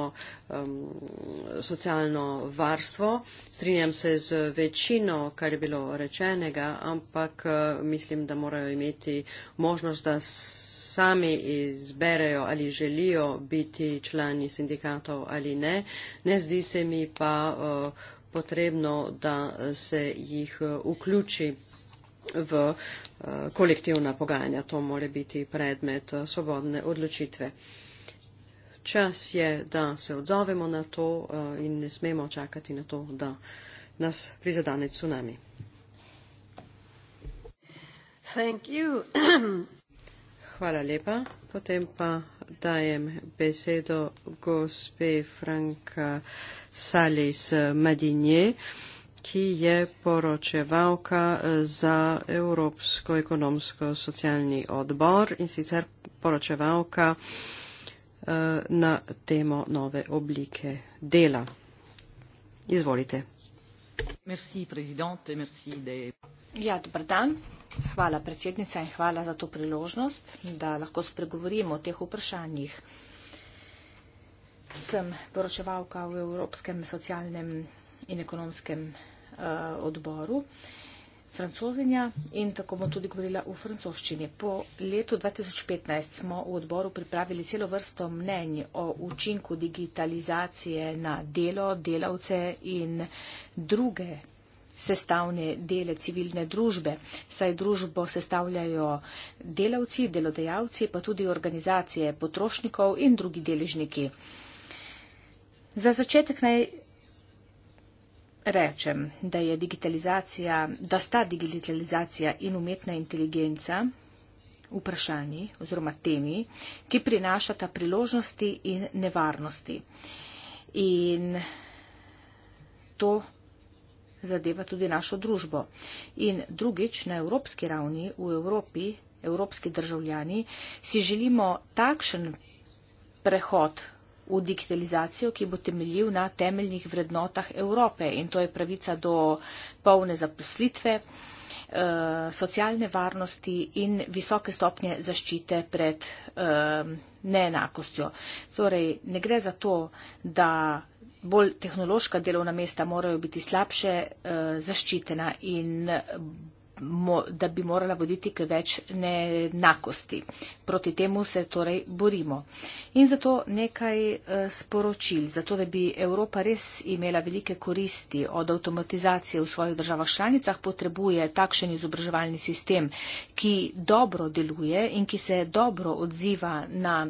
socialno varstvo. Strinjam se z večino, kar je bilo rečenega, ampak mislim, da morajo imeti možnost, da sami izberejo ali želijo biti člani sindikatov ali ne. Ne zdi se mi pa potrebno, da se jih vključi v eh, kolektivna pogajanja. To more biti predmet eh, svobodne odločitve. Čas je, da se odzovemo na to eh, in ne smemo čakati na to, da nas prizadane tsunami. Hvala lepa. Potem pa dajem besedo gospe Franka Salis Madinje ki je poročevalka eh, za Evropsko ekonomsko-socialni odbor in sicer poročevalka eh, na temo nove oblike dela. Izvolite. Merci, president, merci de... Ja, dobar dan. Hvala predsednica in hvala za to priložnost, da lahko spregovorimo o teh vprašanjih. Sem poročevalka v Evropskem socialnem in ekonomskem uh, odboru francozinja in tako bom tudi govorila v francoščini. Po letu 2015 smo v odboru pripravili celo vrsto mnenj o učinku digitalizacije na delo, delavce in druge sestavne dele civilne družbe, saj družbo sestavljajo delavci, delodajalci, pa tudi organizacije potrošnikov in drugi deležniki. Za začetek naj rečem, da je digitalizacija, da sta digitalizacija in umetna inteligenca vprašanji oziroma temi, ki prinašata priložnosti in nevarnosti. In to zadeva tudi našo družbo. In drugič, na evropski ravni, v Evropi, evropski državljani, si želimo takšen prehod v digitalizacijo, ki bo temeljil na temeljnih vrednotah Evrope in to je pravica do polne zaposlitve, eh, socialne varnosti in visoke stopnje zaščite pred eh, neenakostjo. Torej, ne gre za to, da bolj tehnološka delovna mesta morajo biti slabše eh, zaščitena in da bi morala voditi k več neenakosti. Proti temu se torej borimo. In zato nekaj eh, sporočil, zato da bi Evropa res imela velike koristi od avtomatizacije v svojih državah članicah, potrebuje takšen izobraževalni sistem, ki dobro deluje in ki se dobro odziva na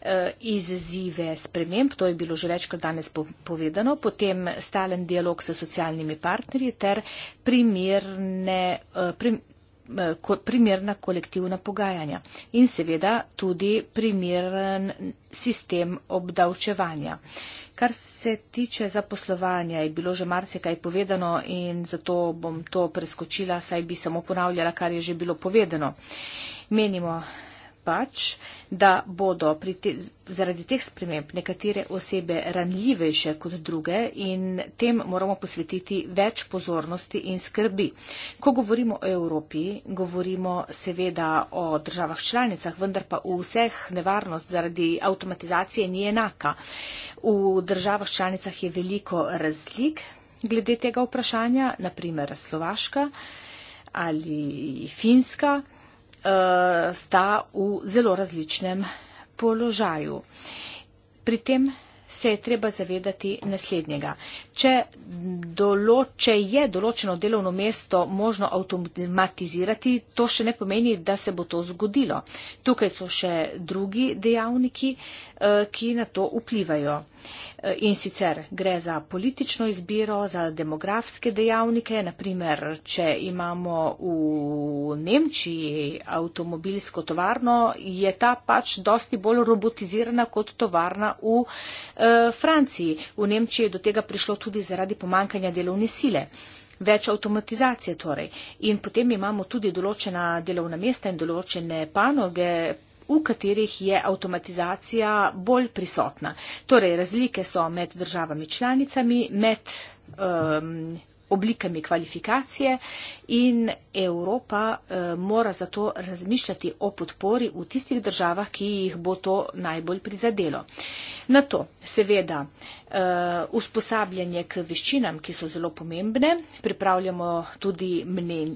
Eh, izzive sprememb, to je bilo že večkrat danes povedano, potem stalen dialog s socialnimi partnerji ter primirne, eh, primirna eh, kolektivna pogajanja in seveda tudi primiren sistem obdavčevanja. Kar se tiče zaposlovanja, je bilo že marsikaj povedano in zato bom to preskočila, saj bi samo ponavljala, kar je že bilo povedano. Menimo, pač, da bodo te, zaradi teh sprememb nekatere osebe ranljivejše kot druge in tem moramo posvetiti več pozornosti in skrbi. Ko govorimo o Evropi, govorimo seveda o državah članicah, vendar pa v vseh nevarnost zaradi avtomatizacije ni enaka. V državah članicah je veliko razlik glede tega vprašanja, naprimer Slovaška ali Finska. Eh, sta v zelo različnem položaju. Pri tem se je treba zavedati naslednjega. Če, določe, če je določeno delovno mesto možno avtomatizirati, to še ne pomeni, da se bo to zgodilo. Tukaj so še drugi dejavniki, eh, ki na to vplivajo. Eh, in sicer gre za politično izbiro, za demografske dejavnike, naprimer, če imamo v Nemčiji avtomobilsko tovarno, je ta pač dosti bolj robotizirana kot tovarna v eh, Eh, Franciji. V Nemčiji je do tega prišlo tudi zaradi pomankanja delovne sile. Več avtomatizacije torej. In potem imamo tudi določena delovna mesta in določene panoge v katerih je avtomatizacija bolj prisotna. Torej, razlike so med državami članicami, med um, oblikami kvalifikacije in Evropa eh, mora zato razmišljati o podpori v tistih državah, ki jih bo to najbolj prizadelo. Na to seveda eh, usposabljanje k veščinam, ki so zelo pomembne, pripravljamo tudi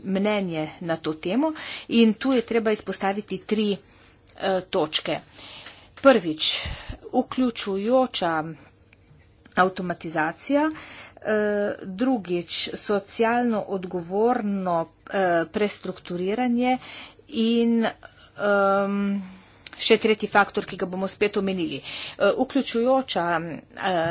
mnenje na to temo in tu je treba izpostaviti tri eh, točke. Prvič, vključujoča avtomatizacija, drugič socialno odgovorno eh, prestrukturiranje in um, še tretji faktor, ki ga bomo spet omenili, eh, vključujoča uh,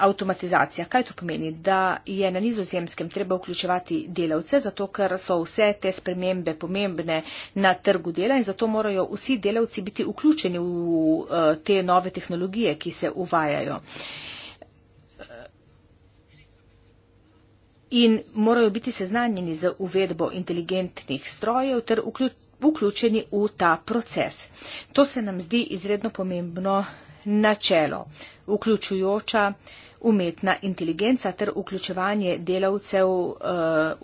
avtomatizacija. Kaj to pomeni? Da je na nizozemskem treba vključevati delavce, zato ker so vse te spremembe pomembne na trgu dela in zato morajo vsi delavci biti vključeni v uh, te nove tehnologije, ki se uvajajo. Uh, in morajo biti seznanjeni z uvedbo inteligentnih strojev ter vključeni v ta proces. To se nam zdi izredno pomembno načelo, vključujoča uh, umetna inteligenca ter vključevanje delavcev uh,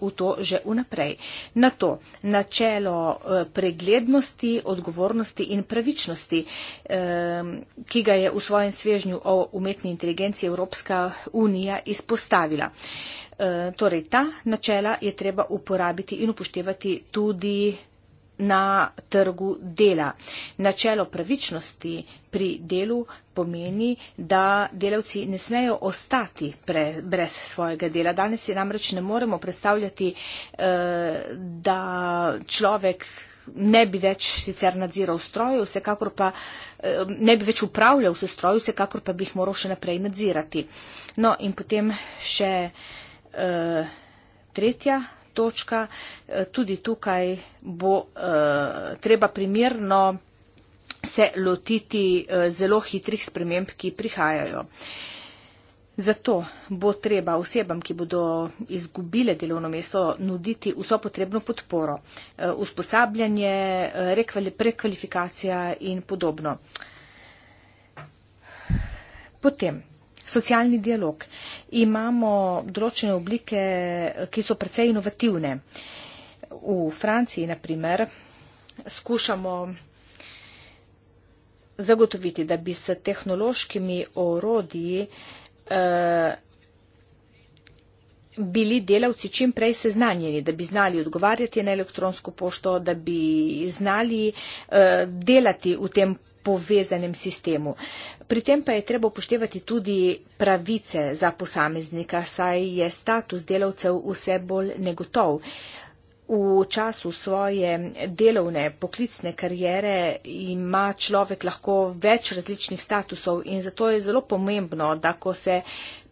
v to že unaprej. Na to načelo uh, preglednosti, odgovornosti in pravičnosti, uh, ki ga je v svojem svežnju o umetni inteligenci Evropska unija izpostavila. Uh, torej, ta načela je treba uporabiti in upoštevati tudi na trgu dela. Načelo pravičnosti pri delu pomeni, da delavci ne smejo ostati pre, brez svojega dela. Danes si namreč ne moremo predstavljati, eh, da človek ne bi več sicer nadziral stroje, vsekakor pa eh, ne bi več upravljal vse stroje, vsekakor pa bi jih moral še naprej nadzirati. No in potem še uh, tretja točka, eh, tudi tukaj bo eh, treba primerno se lotiti eh, zelo hitrih sprememb, ki prihajajo. Zato bo treba osebam, ki bodo izgubile delovno mesto, nuditi vso potrebno podporo, usposabljanje, prekvalifikacija in podobno. Potem socialni dialog. Imamo določene oblike, ki so precej inovativne. V Franciji, na primer, skušamo zagotoviti, da bi s tehnološkimi orodji eh, bili delavci čim prej seznanjeni, da bi znali odgovarjati na elektronsko pošto, da bi znali uh, delati v tem povezanem sistemu. Pri tem pa je treba upoštevati tudi pravice za posameznika, saj je status delavcev vse bolj negotov. V času svoje delovne poklicne karijere ima človek lahko več različnih statusov in zato je zelo pomembno, da ko se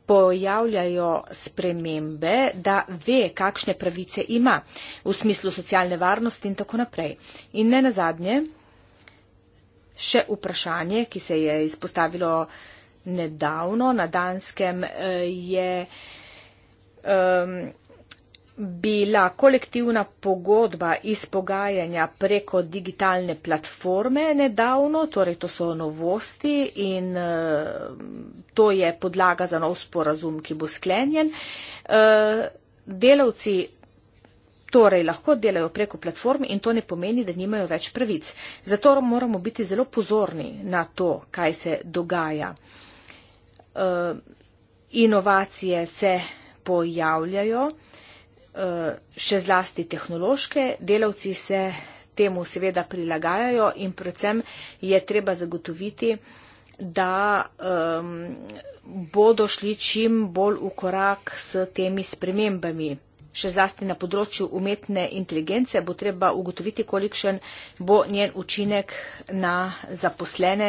pojavljajo spremembe, da ve, kakšne pravice ima v smislu socialne varnosti in tako naprej. In ne nazadnje, še vprašanje, ki se je izpostavilo nedavno na Danskem, eh, je um, bila kolektivna pogodba izpogajanja preko digitalne platforme nedavno, torej to so novosti in uh, to je podlaga za nov sporazum, ki bo sklenjen. Uh, Delavci torej lahko delajo preko platform in to ne pomeni, da nimajo več pravic. Zato moramo biti zelo pozorni na to, kaj se dogaja. Eh, inovacije se pojavljajo, eh, še zlasti tehnološke, delavci se temu seveda prilagajajo in predvsem je treba zagotoviti, da ehm, bodo šli čim bolj v korak s temi spremembami še zlasti na področju umetne inteligence, bo treba ugotoviti, kolikšen bo njen učinek na zaposlene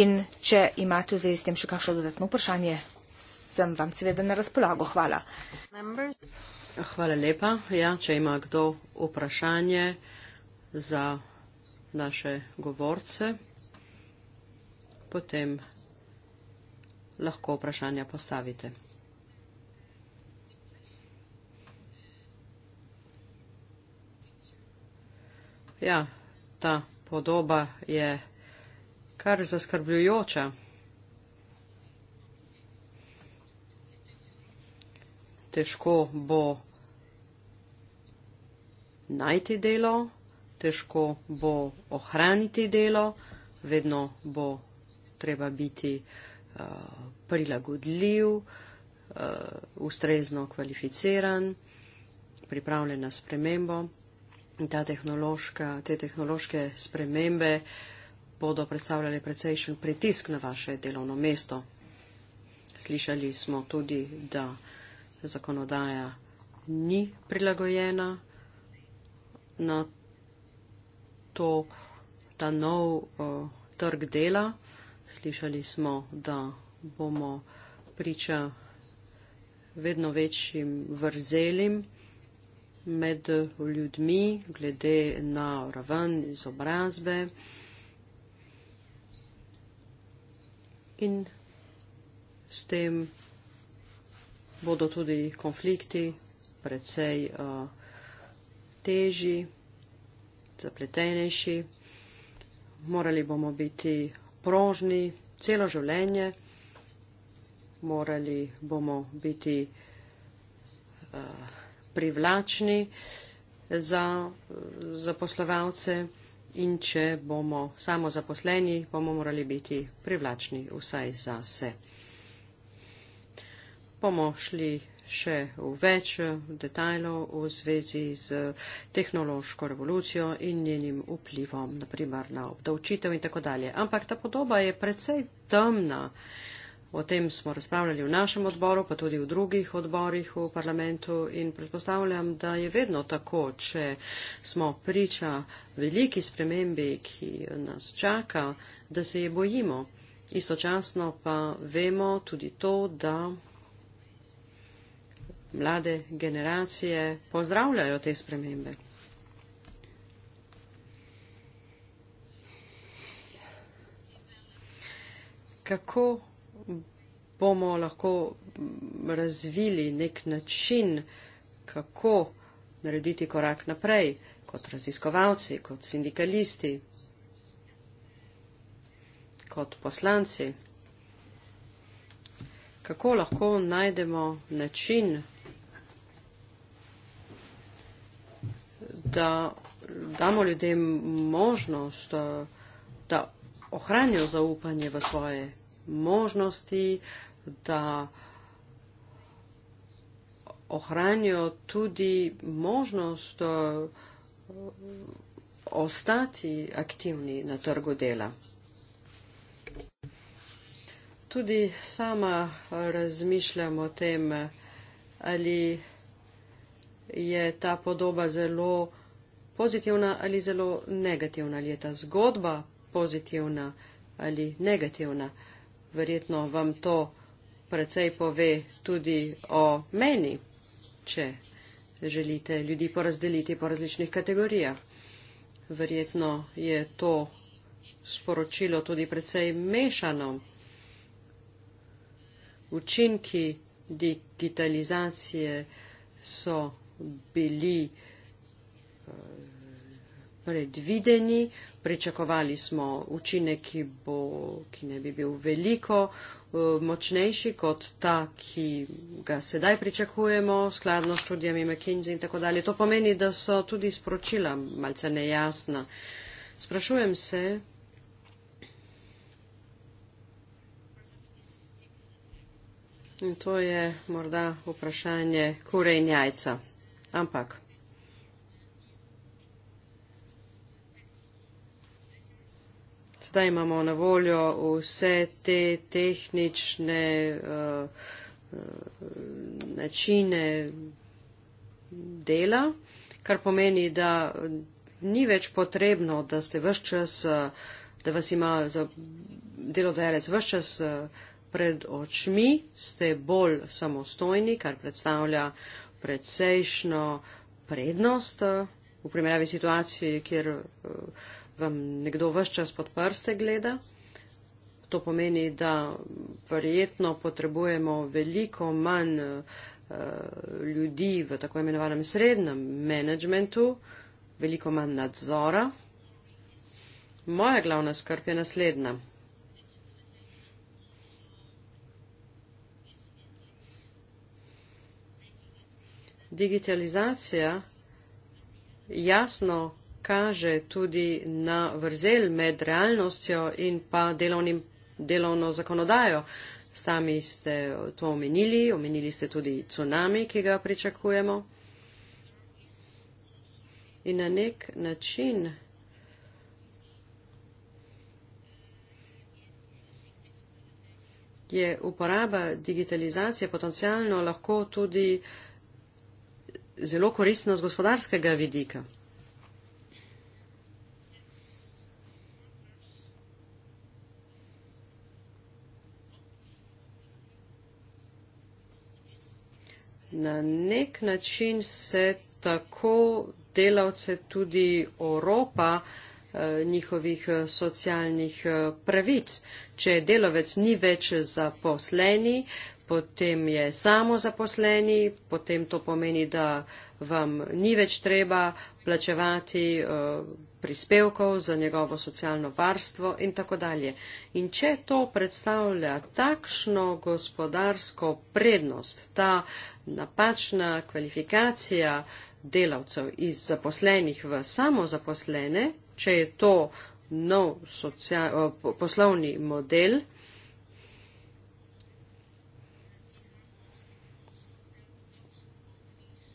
in če imate v zvezi s tem še kakšno dodatno vprašanje, sem vam seveda na razpolago. Hvala. Hvala lepa. Ja, če ima kdo vprašanje za naše govorce, potem lahko vprašanja postavite. Ja, ta podoba je kar zaskrbljujoča. Težko bo najti delo, težko bo ohraniti delo, vedno bo treba biti uh, prilagodljiv, uh, ustrezno kvalificiran, pripravljen na spremembo ta tehnološka, te tehnološke spremembe bodo predstavljali precejšen pritisk na vaše delovno mesto. Slišali smo tudi, da zakonodaja ni prilagojena na to, ta nov uh, trg dela. Slišali smo, da bomo priča vedno večjim vrzelim med ljudmi, glede na raven izobrazbe in s tem bodo tudi konflikti precej teži, zapletenejši. Morali bomo biti prožni celo življenje, morali bomo biti uh, privlačni za zaposlovalce in če bomo samo zaposleni, bomo morali biti privlačni vsaj za se. Bomo šli še v več detajlov v zvezi z tehnološko revolucijo in njenim vplivom, naprimer na obdavčitev in tako dalje. Ampak ta podoba je predvsej temna. Uh, O tem smo razpravljali v našem odboru, pa tudi v drugih odborih v parlamentu in predpostavljam, da je vedno tako, če smo priča veliki spremembi, ki nas čaka, da se je bojimo. Istočasno pa vemo tudi to, da mlade generacije pozdravljajo te spremembe. Kako bomo lahko mm, razvili nek način, kako narediti korak naprej kot raziskovalci, kot sindikalisti, kot poslanci. Kako lahko najdemo način, da damo ljudem možnost, da ohranijo zaupanje v svoje možnosti, da ohranijo tudi možnost eh, ostati aktivni na trgu dela. Tudi sama razmišljam o tem, ali je ta podoba zelo pozitivna ali zelo negativna, ali je ta zgodba pozitivna ali negativna verjetno vam to precej pove tudi o meni, če želite ljudi porazdeliti po različnih kategorijah. Verjetno je to sporočilo tudi precej mešano. Učinki digitalizacije so bili eh, predvideni, pričakovali smo učinek, ki, bo, ki ne bi bil veliko eh, močnejši kot ta, ki ga sedaj pričakujemo, skladno s študijami McKinsey in tako dalje. To pomeni, da so tudi sporočila malce nejasna. Sprašujem se, to je morda vprašanje kure in jajca, ampak. da imamo na voljo vse te tehnične uh, načine dela, kar pomeni, da ni več potrebno, da ste vse čas, eh, da vas ima delodajalec vse čas eh, pred očmi, ste bolj samostojni, kar predstavlja predsejšno prednost v primerjavi situaciji, kjer uh, vam nekdo vse čas pod prste gleda. To pomeni, da verjetno potrebujemo veliko manj uh, ljudi v tako imenovanem srednjem menedžmentu, veliko manj nadzora. Moja glavna skrb je naslednja. Digitalizacija jasno kaže tudi na vrzel med realnostjo in pa delovnim, delovno zakonodajo. Sami ste to omenili, omenili ste tudi tsunami, ki ga pričakujemo. In na nek način je uporaba digitalizacije potencialno lahko tudi zelo koristna z gospodarskega vidika. na nek način se tako delavce tudi oropa eh, njihovih eh, socialnih eh, pravic. Če delavec ni več zaposleni, potem je samo zaposleni, potem to pomeni, da vam ni več treba plačevati prispevkov, za njegovo socialno varstvo in tako dalje. In če to predstavlja takšno gospodarsko prednost, ta napačna kvalifikacija delavcev iz zaposlenih v samozaposlene, če je to nov poslovni model,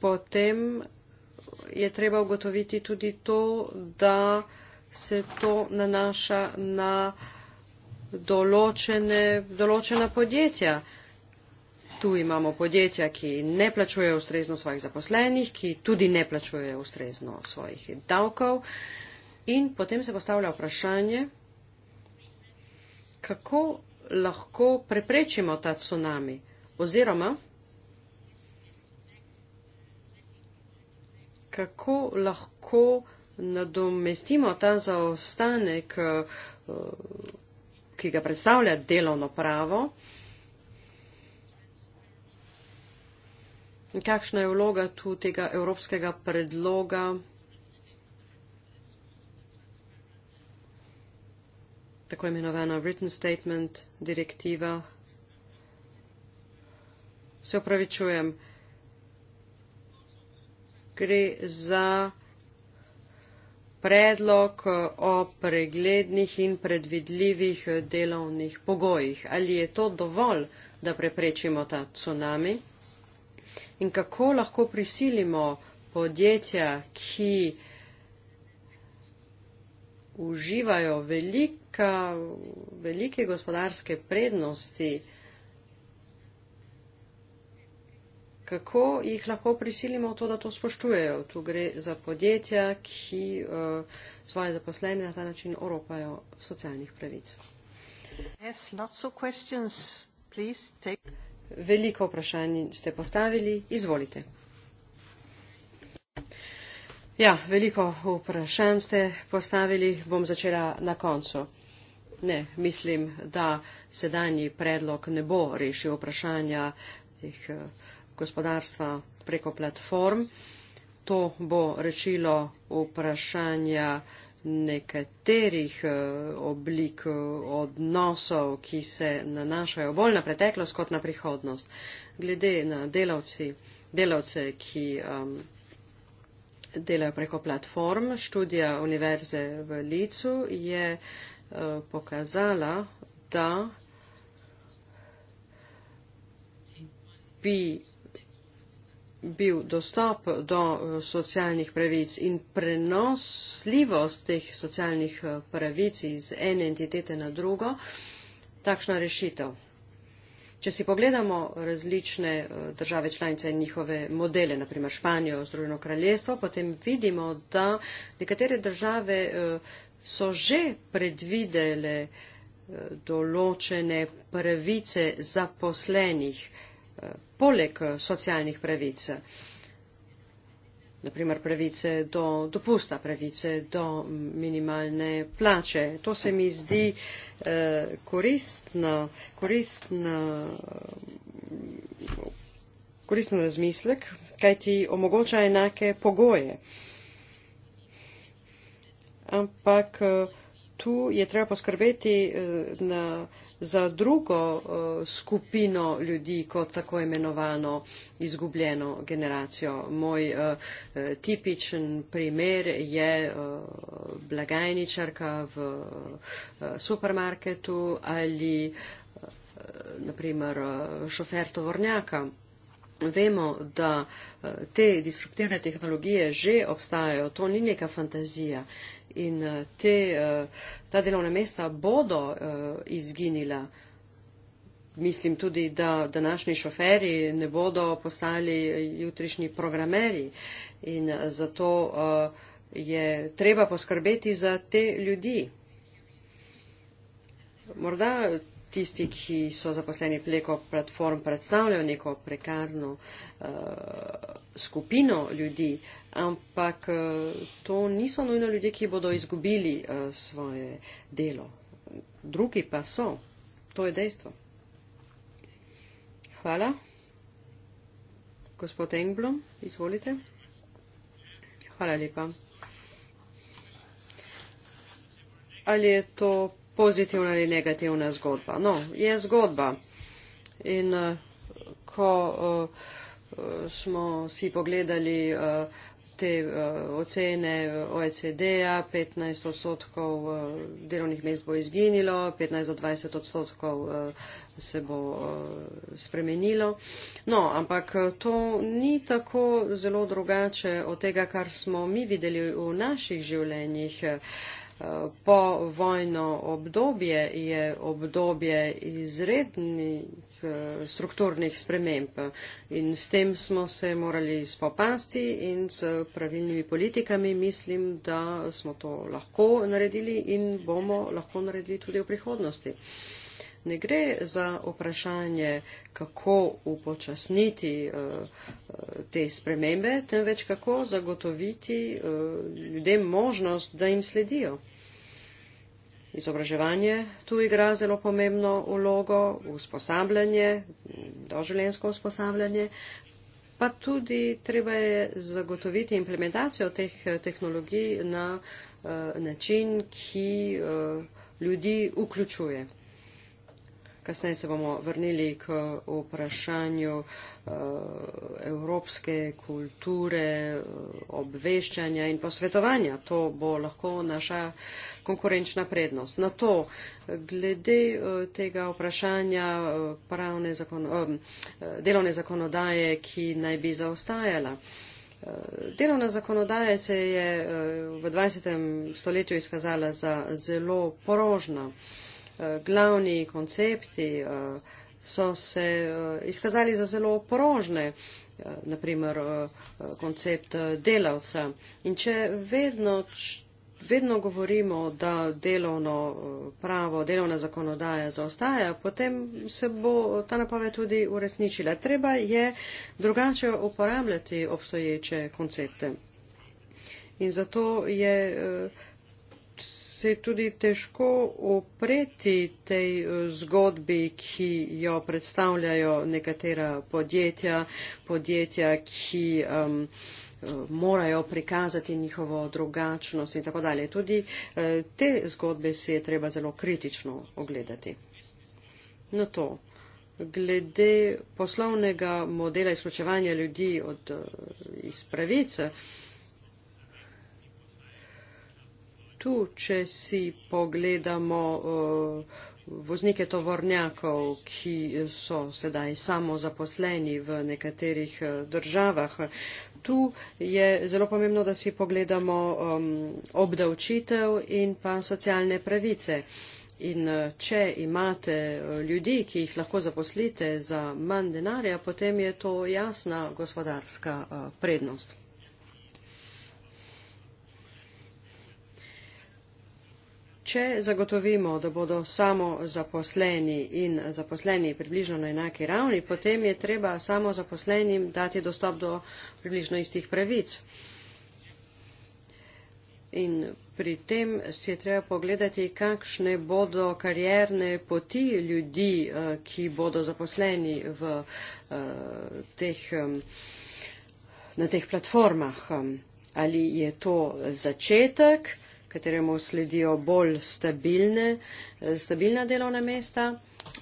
potem je treba ugotoviti tudi to, da se to nanaša na določene, določena podjetja. Tu imamo podjetja, ki ne plačujejo ustrezno svojih zaposlenih, ki tudi ne plačujejo ustrezno svojih davkov. In potem se postavlja vprašanje, kako lahko preprečimo ta tsunami oziroma kako lahko nadomestimo ta zaostanek, eh, ki ga predstavlja delovno pravo. Kakšna je vloga tu tega evropskega predloga? tako imenovana written statement direktiva. Se upravičujem, gre za predlog eh, o preglednih in predvidljivih eh, delovnih pogojih. Ali je to dovolj, da preprečimo ta tsunami? In kako lahko prisilimo podjetja, ki uživajo velika, velike gospodarske prednosti, uh, kako jih lahko prisilimo v to, da to spoštujejo. Tu gre za podjetja, ki uh, svoje zaposlene na ta način oropajo socialnih pravic. Yes, lots of questions, please take. Veliko vprašanj ste postavili, izvolite. Ja, veliko vprašanj ste postavili, bom začela na koncu. Ne, mislim, da sedanji predlog ne bo rešil vprašanja teh uh, gospodarstva preko platform. To bo rešilo vprašanja nekaterih eh, oblik eh, odnosov, ki se nanašajo bolj na preteklost kot na prihodnost. Glede na delavci, delavce, ki um, delajo preko platform, študija Univerze v Licu je uh, pokazala, da bi bil dostop do eh, socialnih pravic in prenosljivost teh socialnih eh, pravic iz ene entitete na drugo, takšna rešitev. Če si pogledamo različne eh, države članice in njihove modele, naprimer Španijo, Združeno kraljestvo, potem vidimo, da nekatere države so že predvidele določene pravice zaposlenih poleg eh, socialnih pravic, naprimer pravice do dopusta, pravice do minimalne plače. To se mi zdi koristno, eh, koristno, koristen eh, razmislek, kaj ti omogoča enake pogoje. Ampak tu je treba poskrbeti na za drugo uh, skupino ljudi kot tako imenovano izgubljeno generacijo. Moj uh, tipičen primer je uh, blagajničarka v uh, supermarketu ali uh, naprimer uh, šofer tovornjaka. Vemo, da eh, te disruptivne tehnologije že obstajajo, to ni neka fantazija in eh, te, eh, ta delovna mesta bodo izginila. Mislim tudi, da današnji šoferi ne bodo postali jutrišnji programeri in zato je treba poskrbeti za te ljudi. Morda tisti, ki so zaposleni pleko platform, predstavljajo neko prekarno uh, skupino ljudi, ampak uh, to niso nujno ljudje, ki bodo izgubili uh, svoje delo. Drugi pa so. To je dejstvo. Hvala. Gospod Engblom, izvolite. Hvala lepa. Ali je to pozitivna ali negativna zgodba. No, je zgodba. In uh, ko uh, smo si pogledali uh, te uh, ocene OECD-a, 15 odstotkov uh, delovnih mest bo izginilo, 15 do 20 odstotkov uh, se bo uh, spremenilo. No, ampak to ni tako zelo drugače od tega, kar smo mi videli v naših življenjih. Uh, Povojno obdobje je obdobje izrednih eh, strukturnih sprememb in s tem smo se morali spopasti in s pravilnimi politikami mislim, da smo to lahko naredili in bomo lahko naredili tudi v prihodnosti ne gre za vprašanje, kako upočasniti eh, eh, te spremembe, temveč kako zagotoviti eh, ljudem možnost, da jim sledijo. Izobraževanje tu igra zelo pomembno ulogo, usposabljanje, doživljensko usposabljanje, pa tudi treba je zagotoviti implementacijo teh tehnologij na uh, način, ki uh, ljudi vključuje. Kasneje se bomo vrnili k vprašanju uh, evropske kulture, eh, obveščanja in posvetovanja. To bo lahko naša konkurenčna prednost. Na to, glede uh, tega vprašanja pravne zakon, uh, delovne zakonodaje, ki naj bi zaostajala. Delovna zakonodaja se je v 20. stoletju izkazala za zelo porožna. Eh, glavni koncepti eh, so se eh, izkazali za zelo porožne, naprimer koncept delavca. In če vedno, vedno govorimo, da delovno pravo, delovna zakonodaja zaostaja, potem se bo ta napoved tudi uresničila. Treba je drugače uporabljati obstoječe koncepte. In zato je uh, se je tudi težko opreti tej eh, zgodbi, ki jo predstavljajo nekatera podjetja, podjetja, ki um, morajo prikazati njihovo drugačnost in tako dalje. Tudi eh, te zgodbe se je treba zelo kritično ogledati. Na no, to, glede poslovnega modela izključevanja ljudi od, iz pravice, tu, če si pogledamo eh, voznike tovornjakov, ki so sedaj samo zaposleni v nekaterih eh, državah. Tu je zelo pomembno, da si pogledamo obdavčitev in pa socialne pravice. In eh, če imate ljudi, ki jih lahko zaposlite za manj denarja, potem je to jasna gospodarska prednost. Če zagotovimo, da bodo samo zaposleni in zaposleni približno na enaki ravni, potem je treba samo zaposlenim dati dostop do približno istih pravic. In pri tem si je treba pogledati, kakšne bodo karjerne poti ljudi, eh, ki bodo zaposleni v eh, teh, na teh platformah. Ali je to začetek? kateremu sledijo bolj stabilne, eh, stabilna delovna mesta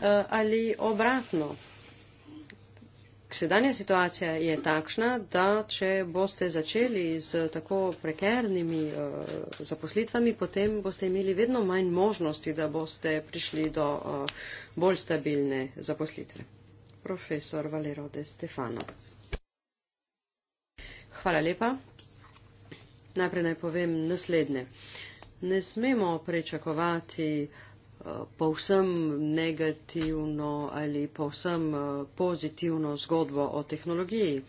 eh, ali obratno. Sedanja situacija je takšna, da če boste začeli z tako prekernimi uh, zaposlitvami, potem boste imeli vedno manj možnosti, da boste prišli do uh, bolj stabilne zaposlitve. Profesor Valerode Stefano. Hvala lepa. Najprej naj povem naslednje. Ne smemo prečakovati eh, povsem negativno ali povsem eh, pozitivno zgodbo o tehnologiji.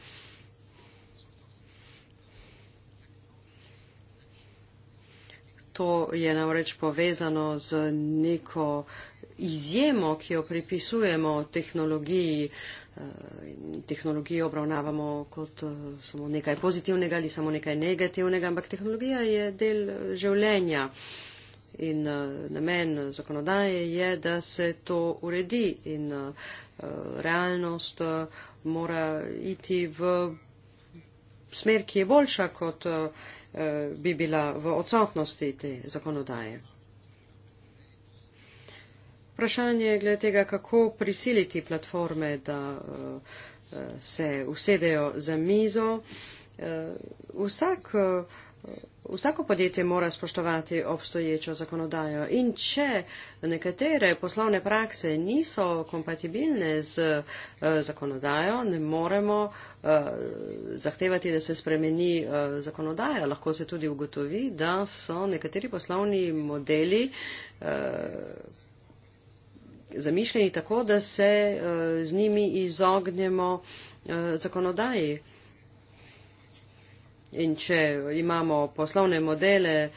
To je namreč povezano z neko izjemo, ki jo pripisujemo tehnologiji. Uh, Eh, tehnologijo obravnavamo kot eh, samo nekaj pozitivnega ali samo nekaj negativnega, ampak tehnologija je del življenja in eh, namen zakonodaje je, da se to uredi in realnost mora iti v smer, ki je boljša, kot bi bila v odsotnosti te zakonodaje vprašanje glede tega, kako prisiliti platforme, da eh, se usedejo za mizo. Eh, vsak, eh, vsako podjetje mora spoštovati obstoječo zakonodajo in če nekatere poslovne prakse niso kompatibilne z zakonodajo, ne moremo zahtevati, da se spremeni zakonodaja. Lahko se tudi ugotovi, da so nekateri poslovni modeli zamišljeni tako, da se eh, z njimi izognemo eh, zakonodaji. In če imamo poslovne modele, eh,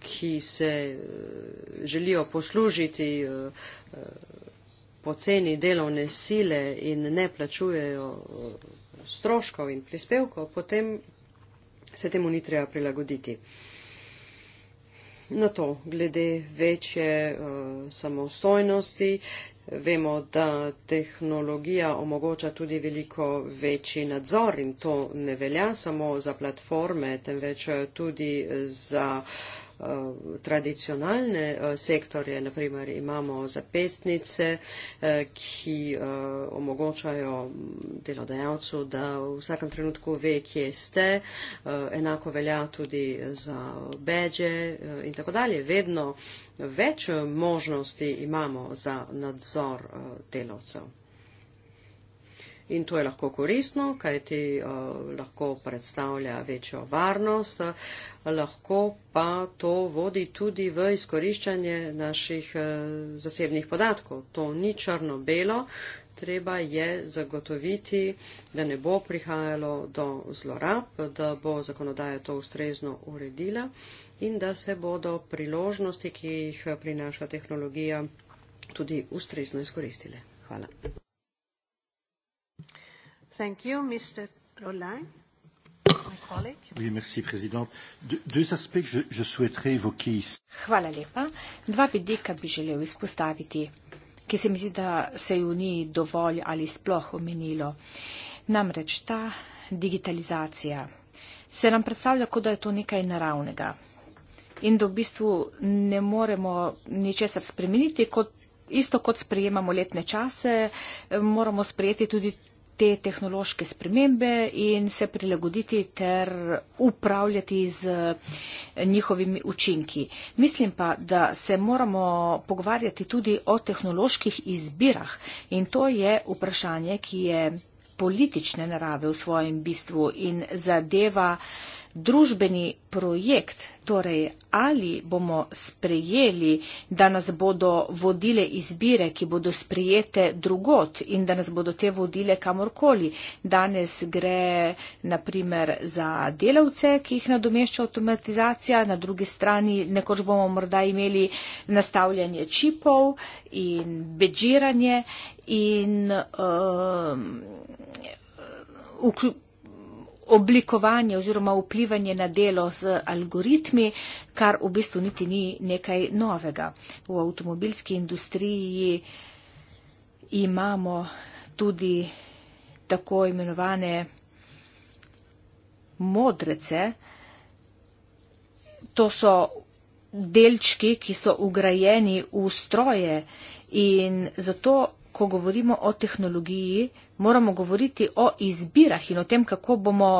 ki se želijo poslužiti poceni delovne sile in ne plačujejo stroškov in prispevkov, potem se temu ni treba prilagoditi na to, glede večje uh, samostojnosti. Vemo, da tehnologija omogoča tudi veliko večji nadzor in to ne velja samo za platforme, temveč tudi za uh, Eh, tradicionalne eh, sektorje, naprimer imamo zapestnice, eh, ki omogočajo delodajalcu, da v vsakem trenutku ve, kje ste, enako velja tudi za beže in tako dalje. Vedno več možnosti imamo za nadzor delovcev. In to je lahko koristno, kajti eh, lahko predstavlja večjo varnost, eh, lahko pa to vodi tudi v izkoriščanje naših eh, zasebnih podatkov. To ni črno-belo, treba je zagotoviti, da ne bo prihajalo do zlorab, da bo zakonodaja to ustrezno uredila in da se bodo priložnosti, ki jih prinaša tehnologija, tudi ustrezno izkoristile. Hvala. Thank you, Mr. Rollin, my colleague. Oui, merci, présidente. Deux aspects que je souhaiterais évoquer ici. Hvala lepa. Dva vidika bi želel izpostaviti, ki se mi zdi, da se ju ni dovolj ali sploh omenilo. Namreč ta digitalizacija se nam predstavlja, kot da je to nekaj naravnega in da v bistvu ne moremo ničesar spremeniti, kot, isto kot sprejemamo letne čase, moramo sprejeti tudi te tehnološke spremembe in se prilagoditi ter upravljati z eh, njihovimi učinki. Mislim pa, da se moramo pogovarjati tudi o tehnoloških izbirah in to je vprašanje, ki je politične narave v svojem bistvu in zadeva družbeni projekt. Torej, ali bomo sprejeli, da nas bodo vodile izbire, ki bodo sprejete drugot in da nas bodo te vodile kamorkoli. Danes gre naprimer za delavce, ki jih nadomešča automatizacija, na drugi strani nekoč bomo morda imeli nastavljanje čipov in bedžiranje in. Um, oblikovanje oziroma vplivanje na delo z algoritmi, kar v bistvu niti ni nekaj novega. V avtomobilski industriji imamo tudi tako imenovane modrece. To so delčki, ki so ugrajeni v stroje in zato ko govorimo o tehnologiji, moramo govoriti o izbirah in o tem, kako bomo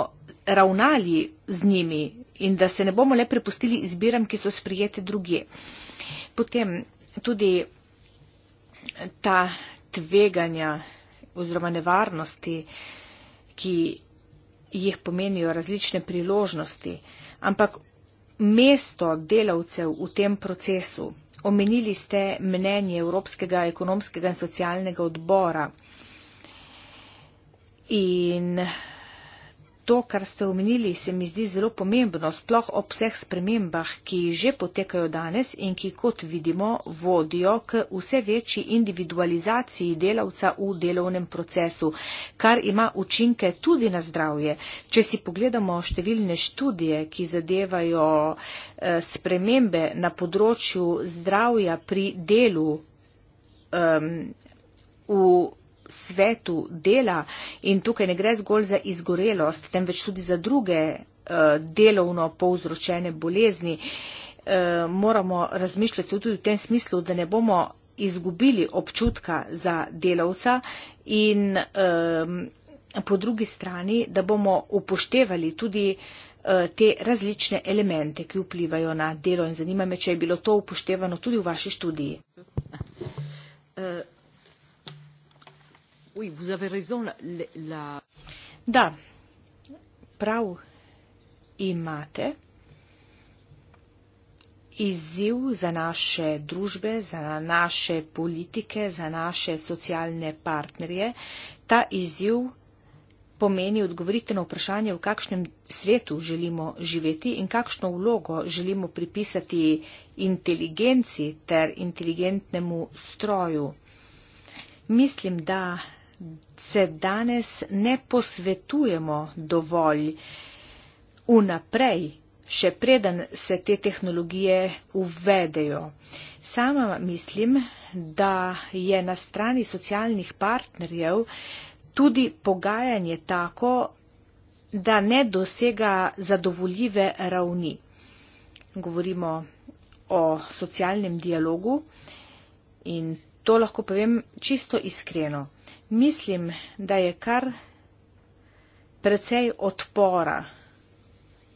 ravnali z njimi in da se ne bomo le prepustili izbiram, ki so sprijete druge. Potem tudi ta tveganja oziroma nevarnosti, ki jih pomenijo različne priložnosti, ampak mesto delavcev v tem procesu, Omenili ste mnenje Evropskega ekonomskega in socialnega odbora. In to, kar ste omenili, se mi zdi zelo pomembno, sploh ob vseh spremembah, ki že potekajo danes in ki, kot vidimo, vodijo k vse večji individualizaciji delavca v delovnem procesu, kar ima učinke tudi na zdravje. Če si pogledamo številne študije, ki zadevajo eh, spremembe na področju zdravja pri delu, um, svetu dela in tukaj ne gre zgolj za izgorelost, temveč tudi za druge eh, delovno povzročene bolezni, eh, moramo razmišljati tudi v tem smislu, da ne bomo izgubili občutka za delavca in eh, po drugi strani, da bomo upoštevali tudi te različne elemente, ki vplivajo na delo in zanima me, če je bilo to upoštevano tudi v vaši študiji. Oui, vous avez raison. La, la... Da, prav imate izziv za naše družbe, za naše politike, za naše socialne partnerje. Ta izziv pomeni odgovoriti na vprašanje, v kakšnem svetu želimo živeti in kakšno vlogo želimo pripisati inteligenci ter inteligentnemu stroju. Mislim, da se danes ne posvetujemo dovolj vnaprej, še preden se te tehnologije uvedejo. Sama mislim, da je na strani socialnih partnerjev tudi pogajanje tako, da ne dosega zadovoljive ravni. Govorimo o socialnem dialogu in to lahko povem čisto iskreno mislim, da je kar precej odpora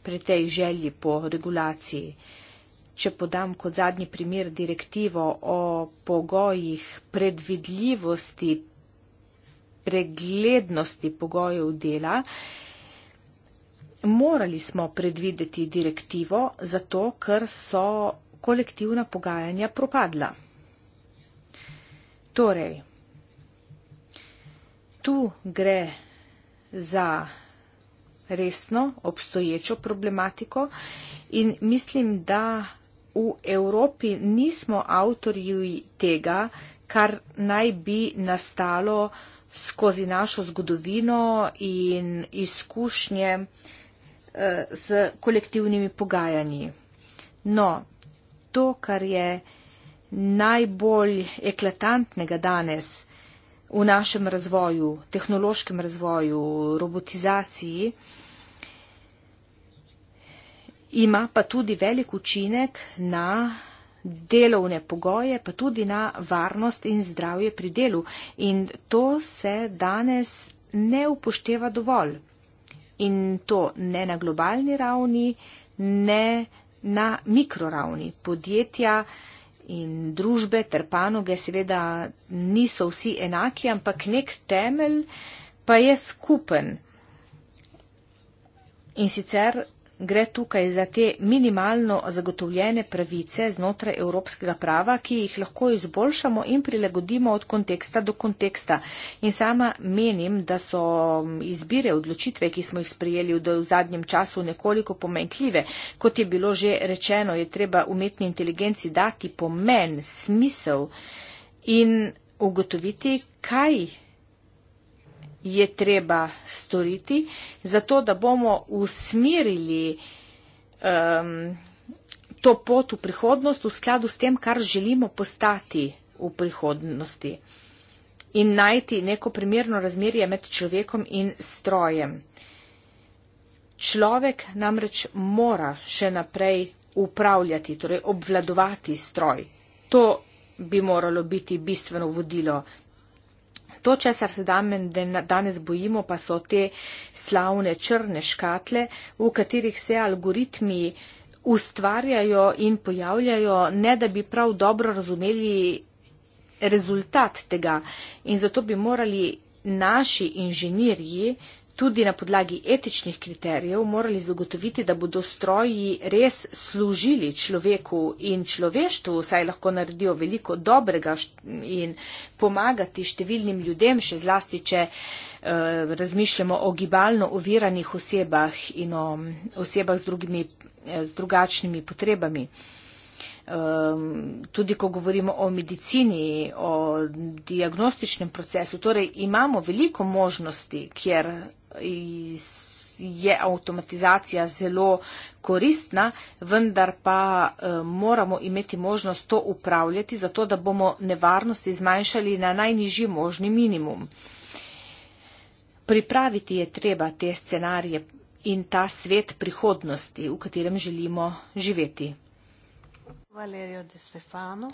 pri tej želji po regulaciji. Če podam kot zadnji primer direktivo o pogojih predvidljivosti, preglednosti pogojev dela, morali smo predvideti direktivo zato, ker so kolektivna pogajanja propadla. Torej, tu gre za resno obstoječo problematiko in mislim, da v Evropi nismo avtorji tega, kar naj bi nastalo skozi našo zgodovino in izkušnje z eh, kolektivnimi pogajanji. No, to, kar je najbolj eklatantnega danes, v našem razvoju, tehnološkem razvoju, robotizaciji, ima pa tudi velik učinek na delovne pogoje, pa tudi na varnost in zdravje pri delu. In to se danes ne upošteva dovolj. In to ne na globalni ravni, ne na mikroravni. Podjetja in družbe ter panoge seveda niso vsi enaki, ampak nek temelj pa je skupen. In sicer gre tukaj za te minimalno zagotovljene pravice znotraj evropskega prava, ki jih lahko izboljšamo in prilagodimo od konteksta do konteksta. In sama menim, da so izbire odločitve, ki smo jih sprejeli v zadnjem času, nekoliko pomenkljive. Kot je bilo že rečeno, je treba umetni inteligenci dati pomen, smisel in ugotoviti, kaj je treba storiti, zato da bomo usmerili um, to pot v prihodnost v skladu s tem, kar želimo postati v prihodnosti in najti neko primerno razmerje med človekom in strojem. Človek namreč mora še naprej upravljati, torej obvladovati stroj. To bi moralo biti bistveno vodilo To, česar se danes bojimo, pa so te slavne črne škatle, v katerih se algoritmi ustvarjajo in pojavljajo, ne da bi prav dobro razumeli rezultat tega. In zato bi morali naši inženirji tudi na podlagi etičnih kriterijev morali zagotoviti, da bodo stroji res služili človeku in človeštvu, saj lahko naredijo veliko dobrega in pomagati številnim ljudem, še zlasti, če eh, razmišljamo o gibalno oviranih osebah in o osebah z, drugimi, eh, z drugačnimi potrebami. Ehm, tudi ko govorimo o medicini, o diagnostičnem procesu, torej imamo veliko možnosti, kjer je avtomatizacija zelo koristna, vendar pa eh, moramo imeti možnost to upravljati, zato da bomo nevarnosti zmanjšali na najnižji možni minimum. Pripraviti je treba te scenarije in ta svet prihodnosti, v katerem želimo živeti. Valerijo De Stefano.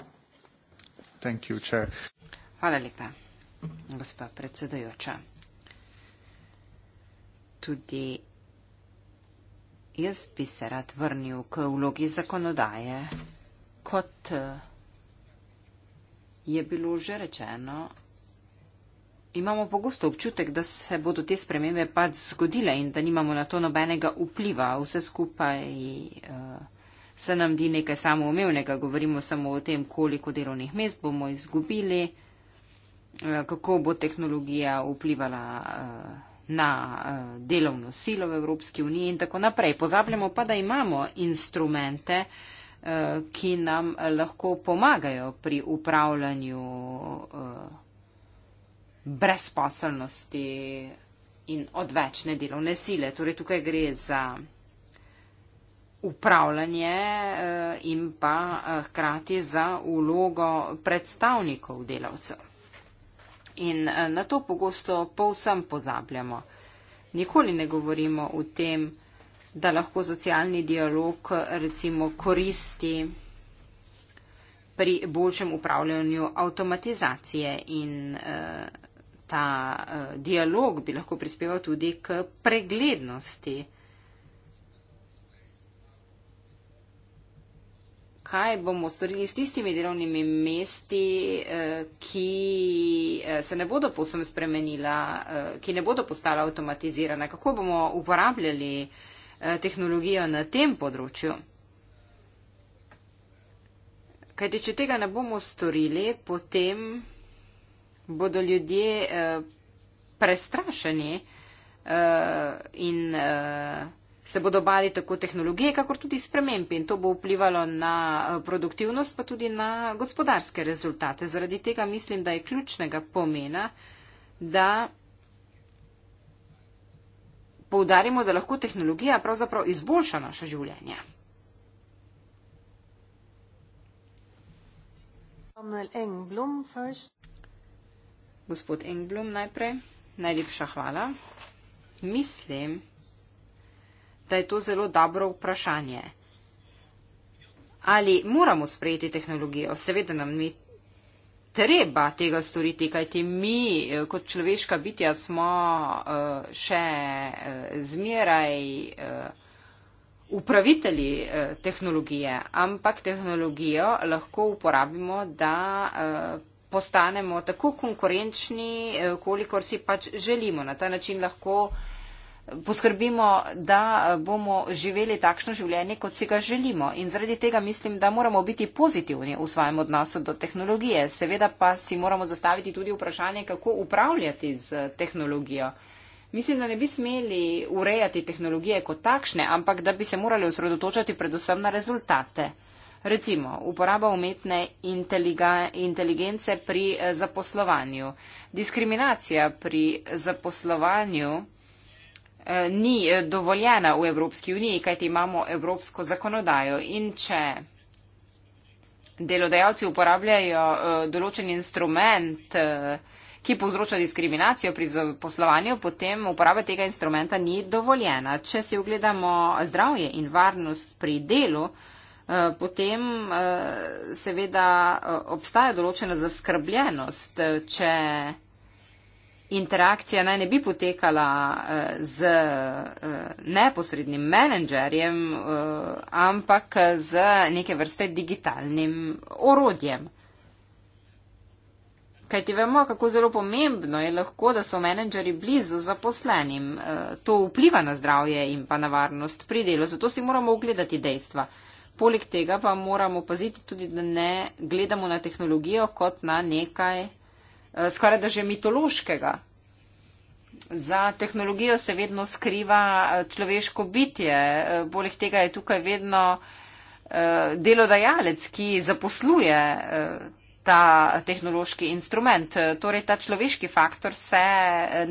Thank you, Hvala lepa, gospa predsedujoča tudi jaz bi se rad vrnil k vlogi zakonodaje. Kot eh, je bilo že rečeno, imamo pogosto občutek, da se bodo te spremembe pač zgodile in da nimamo na to nobenega vpliva. Vse skupaj uh, se nam di nekaj samoumevnega, govorimo samo o tem, koliko delovnih mest bomo izgubili, uh, kako bo tehnologija vplivala. Uh, na eh, delovno silo v Evropski uniji in tako naprej. Pozabljamo pa, da imamo instrumente, eh, ki nam lahko pomagajo pri upravljanju eh, brezposelnosti in odvečne delovne sile. Torej tukaj gre za upravljanje in pa hkrati za ulogo predstavnikov delavcev. In eh, na to pogosto povsem pozabljamo. Nikoli ne govorimo o tem, da lahko socialni dialog recimo koristi pri boljšem upravljanju avtomatizacije in eh, ta eh, dialog bi lahko prispeval tudi k preglednosti eh, kaj bomo storili s tistimi delovnimi mesti, eh, ki eh, se ne bodo posem spremenila, eh, ki ne bodo postala avtomatizirana. Kako bomo uporabljali tehnologijo na tem področju? Kajti, če tega ne bomo storili, potem bodo ljudje prestrašeni in se bodo bali tako tehnologije, kakor tudi sprememb in to bo vplivalo na eh, produktivnost, pa tudi na gospodarske rezultate. Zaradi tega mislim, da je ključnega pomena, da poudarimo, da lahko tehnologija pravzaprav izboljša naše življenje. Engblom Gospod Engblom najprej, najlepša hvala. Mislim, da je to zelo dobro vprašanje. Ali moramo sprejeti tehnologijo? Seveda nam ni treba tega storiti, kajti mi eh, kot človeška bitja smo eh, še eh, zmeraj upravitelji tehnologije, ampak tehnologijo lahko uporabimo, da postanemo tako konkurenčni, kolikor si pač želimo. Na ta način lahko poskrbimo, da bomo živeli takšno življenje, kot si ga želimo. In zaradi tega mislim, da moramo biti pozitivni v svojem odnosu do tehnologije. Seveda pa si moramo zastaviti tudi vprašanje, kako upravljati z tehnologijo. Mislim, da ne bi smeli urejati tehnologije kot takšne, ampak da bi se morali osredotočati predvsem na rezultate. Recimo, uporaba umetne inteligence pri eh, zaposlovanju. Diskriminacija pri zaposlovanju Eh, ni eh, dovoljena v Evropski uniji, kajti imamo evropsko zakonodajo. In če delodajalci uporabljajo eh, določen instrument, ki povzroča diskriminacijo pri poslovanju, potem uporaba tega instrumenta ni dovoljena. Če si ogledamo zdravje in varnost pri delu, potem seveda obstaja določena zaskrbljenost, če interakcija naj ne bi potekala eh, z eh, neposrednim menedžerjem, eh, ampak z neke vrste digitalnim orodjem. Kaj ti vemo, kako zelo pomembno je lahko, da so menedžeri blizu zaposlenim. To vpliva na zdravje in pa na varnost pri delu, zato si moramo ogledati dejstva. Poleg tega pa moramo paziti tudi, da ne gledamo na tehnologijo kot na nekaj Eh, skoraj da že mitološkega. Za tehnologijo se vedno skriva eh, človeško bitje, eh, poleg tega je tukaj vedno delodajalec, ki zaposluje ta tehnološki instrument. Torej, ta človeški faktor se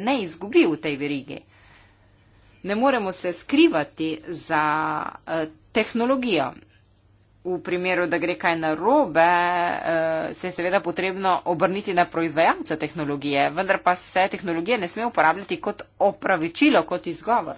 ne izgubi v tej verigi. Ne moremo se skrivati za tehnologijo v primeru, da gre kaj narobe, eh, se je seveda potrebno obrniti na proizvajalce tehnologije, vendar pa se tehnologije ne sme uporabljati kot opravičilo, kot izgovor.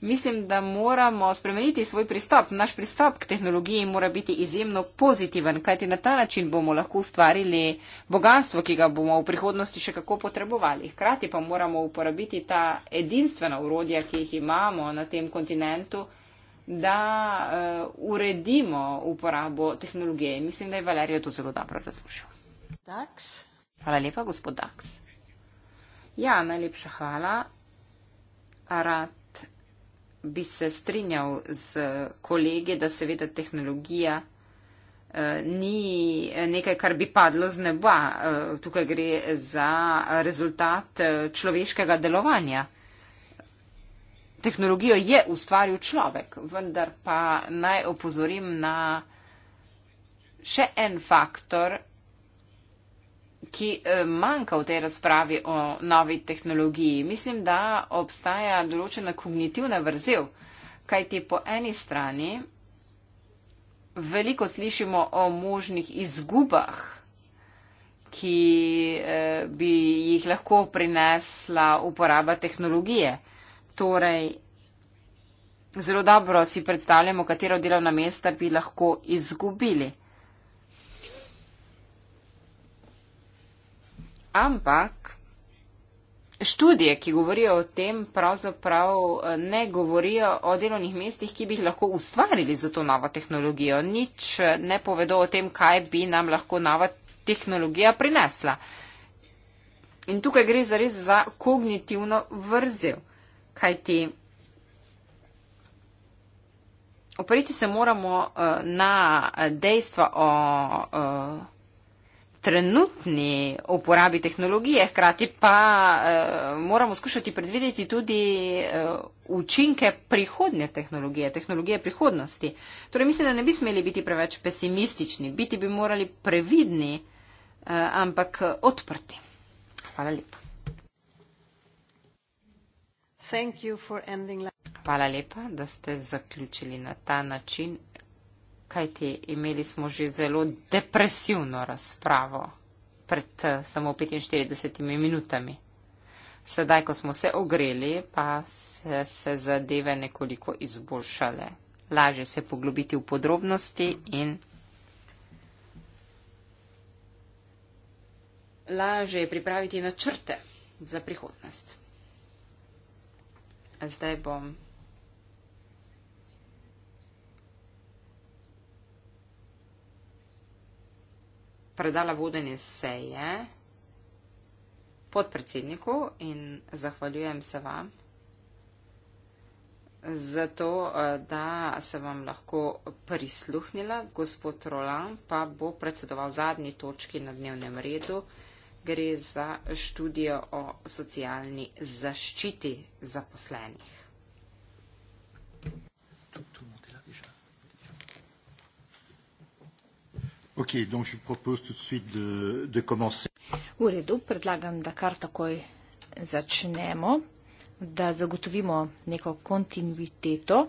Mislim, da moramo spremeniti svoj pristop. Naš pristop k tehnologiji mora biti izjemno pozitiven, kajti na ta način bomo lahko ustvarili bogatstvo, ki ga bomo v prihodnosti še kako potrebovali. Hkrati pa moramo uporabiti ta edinstvena urodja, ki jih imamo na tem kontinentu da uh, uredimo uporabo tehnologije. Mislim, da je Valerijo to zelo dobro razložil. Dax. Hvala lepa, gospod Dax. Ja, najlepša hvala. Rad bi se strinjal z kolege, da seveda tehnologija eh, ni nekaj, kar bi padlo z neba. Eh, tukaj gre za rezultat človeškega delovanja tehnologijo je ustvaril človek, vendar pa naj opozorim na še en faktor, ki eh, manjka v tej razpravi o novi tehnologiji. Mislim, da obstaja določena kognitivna vrzel, kajti po eni strani veliko slišimo o možnih izgubah, ki eh, bi jih lahko prinesla uporaba tehnologije. Torej, zelo dobro si predstavljamo, katero delovna mesta bi lahko izgubili. Ampak študije, ki govorijo o tem, pravzaprav eh, ne govorijo o delovnih mestih, ki bi jih lahko ustvarili za to novo tehnologijo. Nič eh, ne povedo o tem, kaj bi nam lahko nova tehnologija prinesla. In tukaj gre za res za kognitivno vrzel kajti oporiti se moramo eh, na dejstva o eh, trenutni uporabi tehnologije, hkrati pa eh, moramo skušati predvideti tudi učinke prihodnje tehnologije, tehnologije prihodnosti. Torej mislim, da ne bi smeli biti preveč pesimistični, biti bi morali previdni, ampak odprti. Hvala lepa. Hvala lepa, da ste zaključili na ta način, kajti imeli smo že zelo depresivno razpravo pred eh, samo 45 minutami. Sedaj, ko smo se ogreli, pa se, se zadeve nekoliko izboljšale. Lažje se poglobiti v podrobnosti in. Lažje je pripraviti načrte za prihodnost zdaj bom. Predala vodenje seje podpredsedniku in zahvaljujem se vam za to, da se vam lahko prisluhnila. Gospod Roland pa bo predsedoval zadnji točki na dnevnem redu gre za študijo o socialni zaščiti zaposlenih. Okay, donc je propose tout de suite de, de commencer. V redu, predlagam, da kar takoj začnemo, da zagotovimo neko kontinuiteto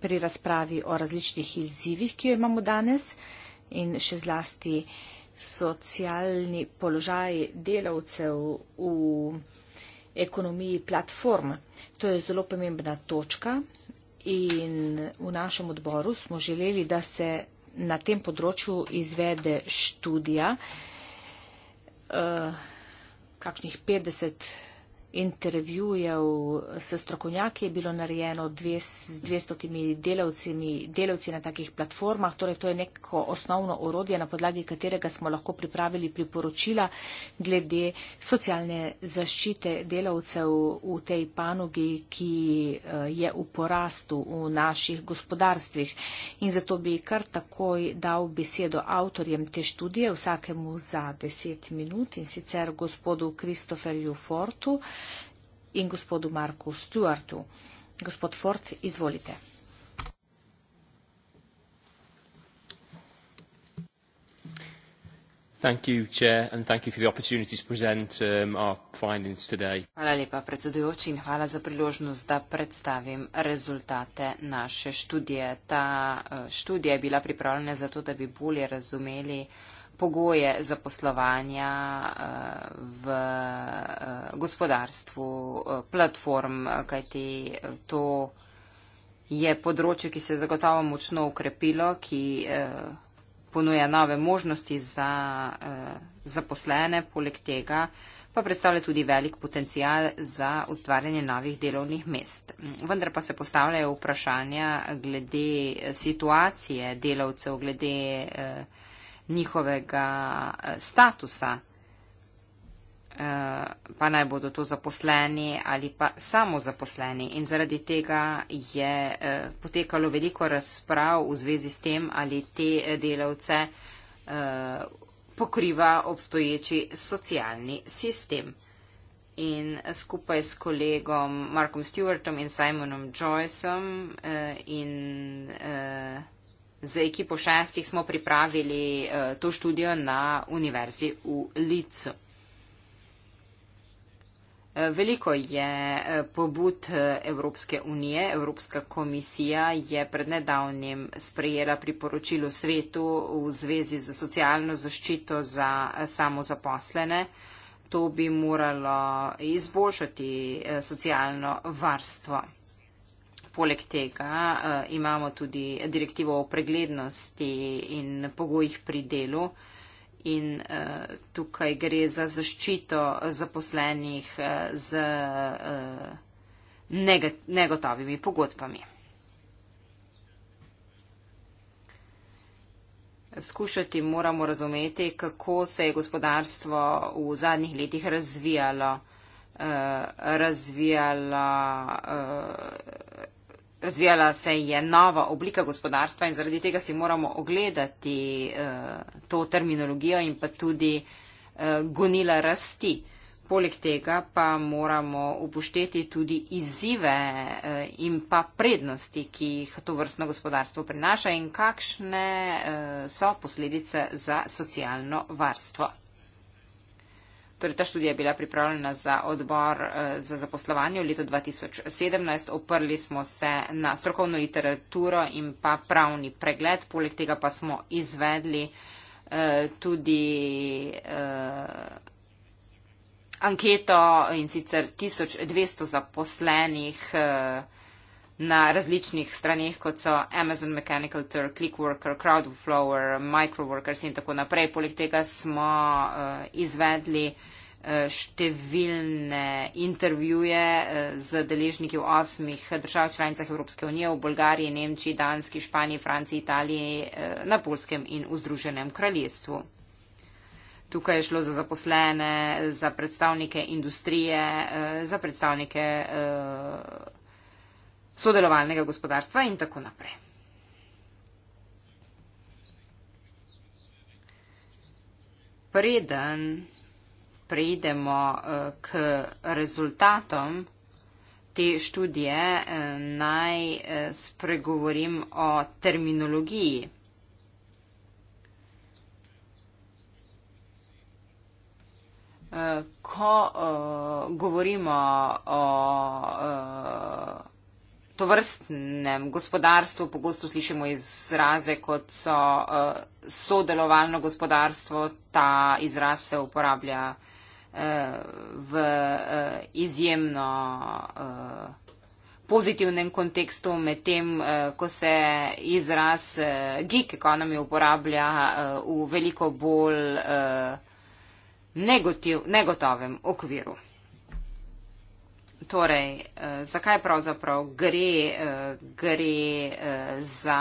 pri razpravi o različnih izzivih, ki jo imamo danes in še zlasti eh, socialni položaj delavcev v ekonomiji platform. To je zelo pomembna točka in v našem odboru smo želeli, da se na tem področju izvede študija eh, kakšnih 50 intervjujev s strokovnjaki je bilo narejeno z 200 delavci, delavci na takih platformah. Torej, to je neko osnovno orodje, na podlagi katerega smo lahko pripravili priporočila glede socialne zaščite delavcev v tej panogi, ki eh, je v porastu v naših gospodarstvih. In zato bi kar takoj dal besedo avtorjem te študije, vsakemu za 10 minut in sicer gospodu Kristoferju Fortu in gospodu Marku Stuartu. Gospod Ford, izvolite. Um, hvala lepa, predsedujoči, in hvala za priložnost, da predstavim rezultate naše študije. Ta uh, študija je bila pripravljena zato, da bi bolje razumeli, pogoje zaposlovanja eh, v eh, gospodarstvu, eh, platform, kajti to je področje, ki se je zagotovo močno ukrepilo, ki ponuja nove možnosti za zaposlene, poleg tega pa predstavlja tudi velik potencial za ustvarjanje novih delovnih mest. Vendar pa se postavljajo vprašanja glede situacije delavcev, glede eh, njihovega eh, statusa, eh, pa naj bodo to zaposleni ali pa samozaposleni. In zaradi tega je eh, potekalo veliko razprav v zvezi s tem, ali te delavce pokriva obstoječi socialni sistem. In skupaj s kolegom Markom Stewartom in Simonom Joyceom in z ekipo šestih smo pripravili uh, to študijo na univerzi v Licu. Eh, veliko je eh, pobud Evropske unije. Evropska komisija je pred nedavnim sprejela priporočilo svetu v zvezi za socialno zaščito za samozaposlene. To bi moralo izboljšati socialno varstvo. Poleg tega uh, imamo tudi direktivo o preglednosti in pogojih pri delu in uh, tukaj gre za zaščito zaposlenih uh, z uh, neg negotovimi pogodbami. Skušati moramo razumeti, kako se je gospodarstvo v zadnjih letih razvijalo. Uh, razvijala, uh, Razvijala se je nova oblika gospodarstva in zaradi tega si moramo ogledati eh, to terminologijo in pa tudi eh, gonila rasti. Poleg tega pa moramo upošteti tudi izzive eh, in pa prednosti, ki jih to vrstno gospodarstvo prinaša in kakšne eh, so posledice za socialno varstvo. Torej, ta študija je bila pripravljena za odbor eh, za zaposlovanje v letu 2017. Oprli smo se na strokovno literaturo in pa pravni pregled. Poleg tega pa smo izvedli eh, tudi eh, anketo in sicer 1200 zaposlenih na različnih straneh, kot so Amazon Mechanical Turk, Clickworker, Crowdflower, Microworkers in tako naprej. Poleg tega smo uh, izvedli uh, Eh, številne intervjuje eh, z deležniki v osmih držav članicah Evropske unije v Bolgariji, Nemčiji, Danski, Španiji, Franciji, Italiji, eh, na Polskem in v Združenem kraljestvu. Tukaj je šlo za zaposlene, za predstavnike industrije, za predstavnike sodelovalnega gospodarstva in tako naprej. Preden pridemo eh, k rezultatom te študije, eh, naj eh, spregovorim o terminologiji. Ko govorimo o tovrstnem gospodarstvu, pogosto slišimo izraze, kot so sodelovalno gospodarstvo, ta izraz se uporablja vsega v eh, izjemno eh, pozitivnem kontekstu, medtem eh, ko se izraz geek economy uporablja v veliko bolj negotiv, negotovem okviru. Torej, zakaj pravzaprav gre, gre za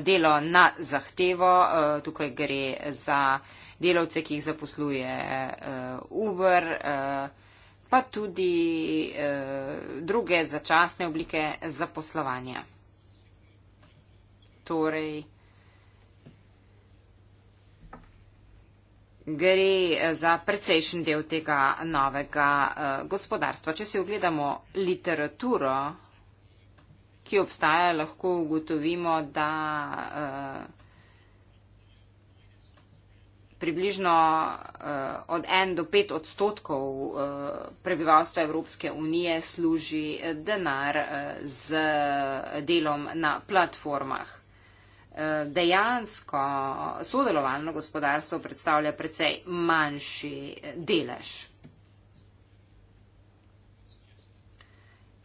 delo na zahtevo, tukaj gre za delavce, ki jih zaposluje eh, Uber, eh, pa tudi eh, druge začasne oblike zaposlovanja. Torej, gre za precejšen del tega novega gospodarstva. Če si ogledamo literaturo, ki obstaja, lahko ugotovimo, da uh, približno uh, od 1 do 5 odstotkov uh, prebivalstva Evropske unije služi denar uh, z delom na platformah. Uh, dejansko sodelovalno gospodarstvo predstavlja precej manjši delež.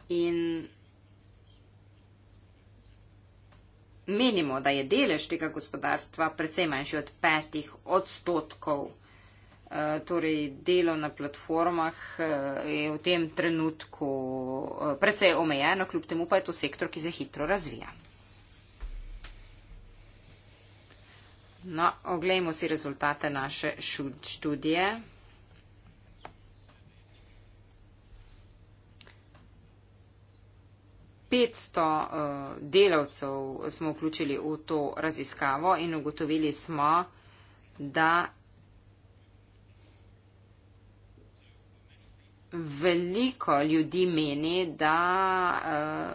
In Menimo, da je delež tega gospodarstva precej manjši od petih odstotkov. E, torej, delo na platformah e, je v tem trenutku e, precej omejeno, kljub temu pa je to sektor, ki se hitro razvija. No, oglejmo si rezultate naše študije. 500 uh, eh, delavcev smo vključili v to raziskavo in ugotovili smo, da veliko ljudi meni, da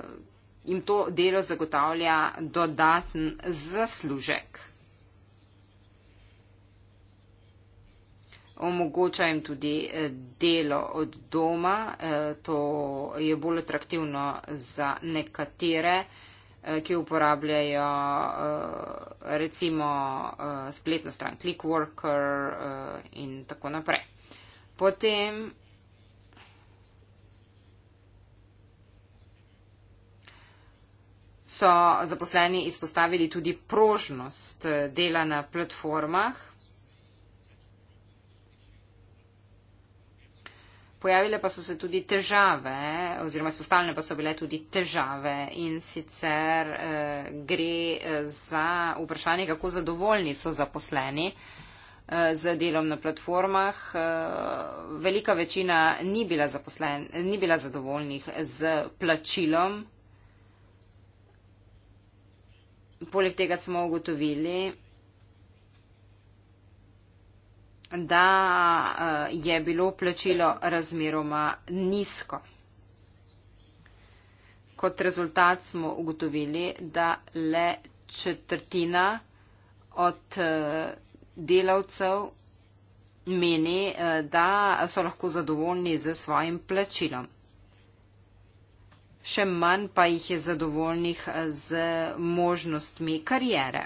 uh, jim to delo zagotavlja dodaten zaslužek. omogoča jim tudi eh, delo od doma. Eh, to je bolj atraktivno za nekatere, eh, ki uporabljajo recimo spletno stran Clickworker in tako naprej. Potem so zaposleni izpostavili tudi prožnost dela na platformah. Pojavile pa so se tudi težave, oziroma spostavljene pa so bile tudi težave in sicer eh, gre eh, za vprašanje, kako zadovoljni so zaposleni eh, z delom na platformah. Eh, velika večina ni bila, zaposlen, ni bila zadovoljnih z plačilom. Poleg tega smo ugotovili, da eh, je bilo plačilo razmeroma nizko. Kot rezultat smo ugotovili, da le četrtina od eh, delavcev meni, eh, da so lahko zadovoljni z svojim plačilom. Še manj pa jih je zadovoljnih z možnostmi karijere.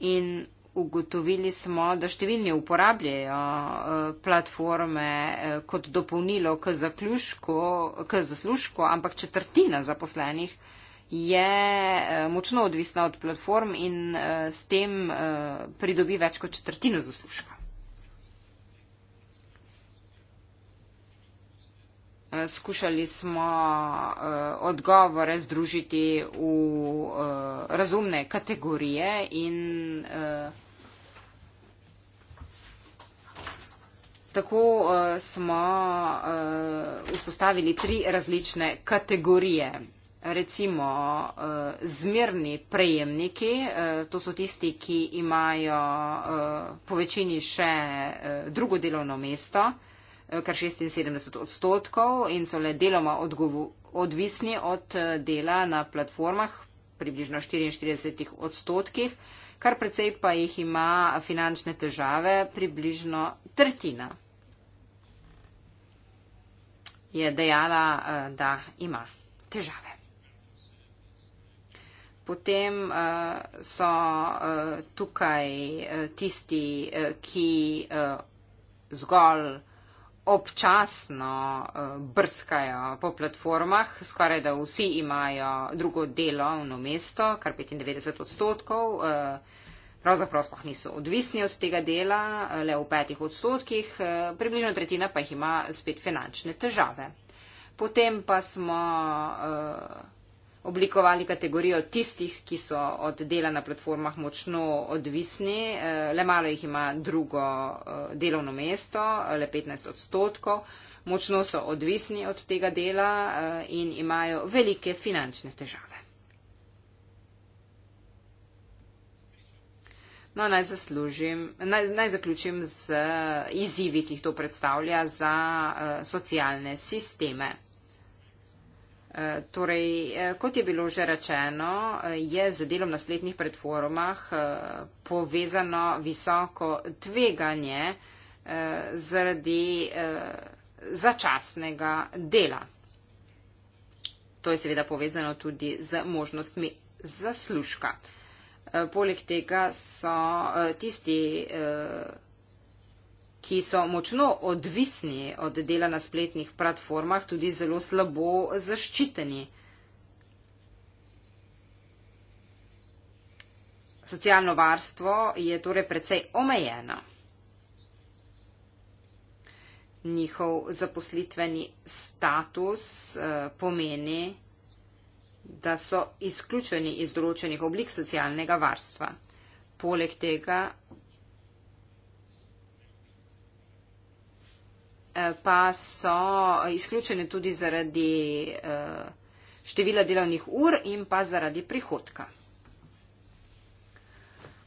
in ugotovili smo, da številni uporabljajo eh, platforme eh, kot dopolnilo k, zaključku, k zaslužku, ampak četrtina zaposlenih je eh, močno odvisna od platform in s tem pridobi več kot četrtino zaslužka. Eh, skušali smo eh, odgovore združiti v eh, razumne kategorije in tako smo vzpostavili tri različne kategorije. Recimo zmerni prejemniki, to so tisti, ki imajo po večini še drugo delovno mesto, kar 76 odstotkov in so le deloma odvisni od eh, dela na platformah, približno 44 odstotkih, kar precej pa jih ima finančne težave, približno tretjina. Je dejala, eh, da ima težave. Potem uh, so uh, tukaj uh, tisti, uh, ki uh, zgolj uh, občasno uh, brskajo po platformah, skoraj da vsi imajo drugo delovno mesto, kar 95 odstotkov. Uh, pravzaprav sploh niso odvisni od tega dela, uh, le v petih odstotkih, uh, približno tretjina pa jih ima spet finančne težave. Potem pa smo. Uh, oblikovali kategorijo tistih, ki so od dela na platformah močno odvisni. Eh, le malo jih ima drugo eh, delovno mesto, eh, le 15 odstotkov. Močno so odvisni od tega dela in imajo velike finančne težave. No, naj, zaslužim, naj, naj zaključim z izzivi, ki jih to predstavlja za socialne sisteme. Eh, torej, eh, kot je bilo že rečeno, eh, je z delom na spletnih platformah povezano visoko tveganje zaradi začasnega dela. To je seveda povezano tudi z možnostmi zaslužka. Poleg tega so tisti ki so močno odvisni od dela na spletnih platformah, tudi zelo slabo zaščiteni. Socialno varstvo je torej precej omejeno. Njihov zaposlitveni status eh, pomeni, da so izključeni iz določenih oblik socialnega varstva. Poleg tega pa so izključene tudi zaradi eh, števila delovnih ur in pa zaradi prihodka.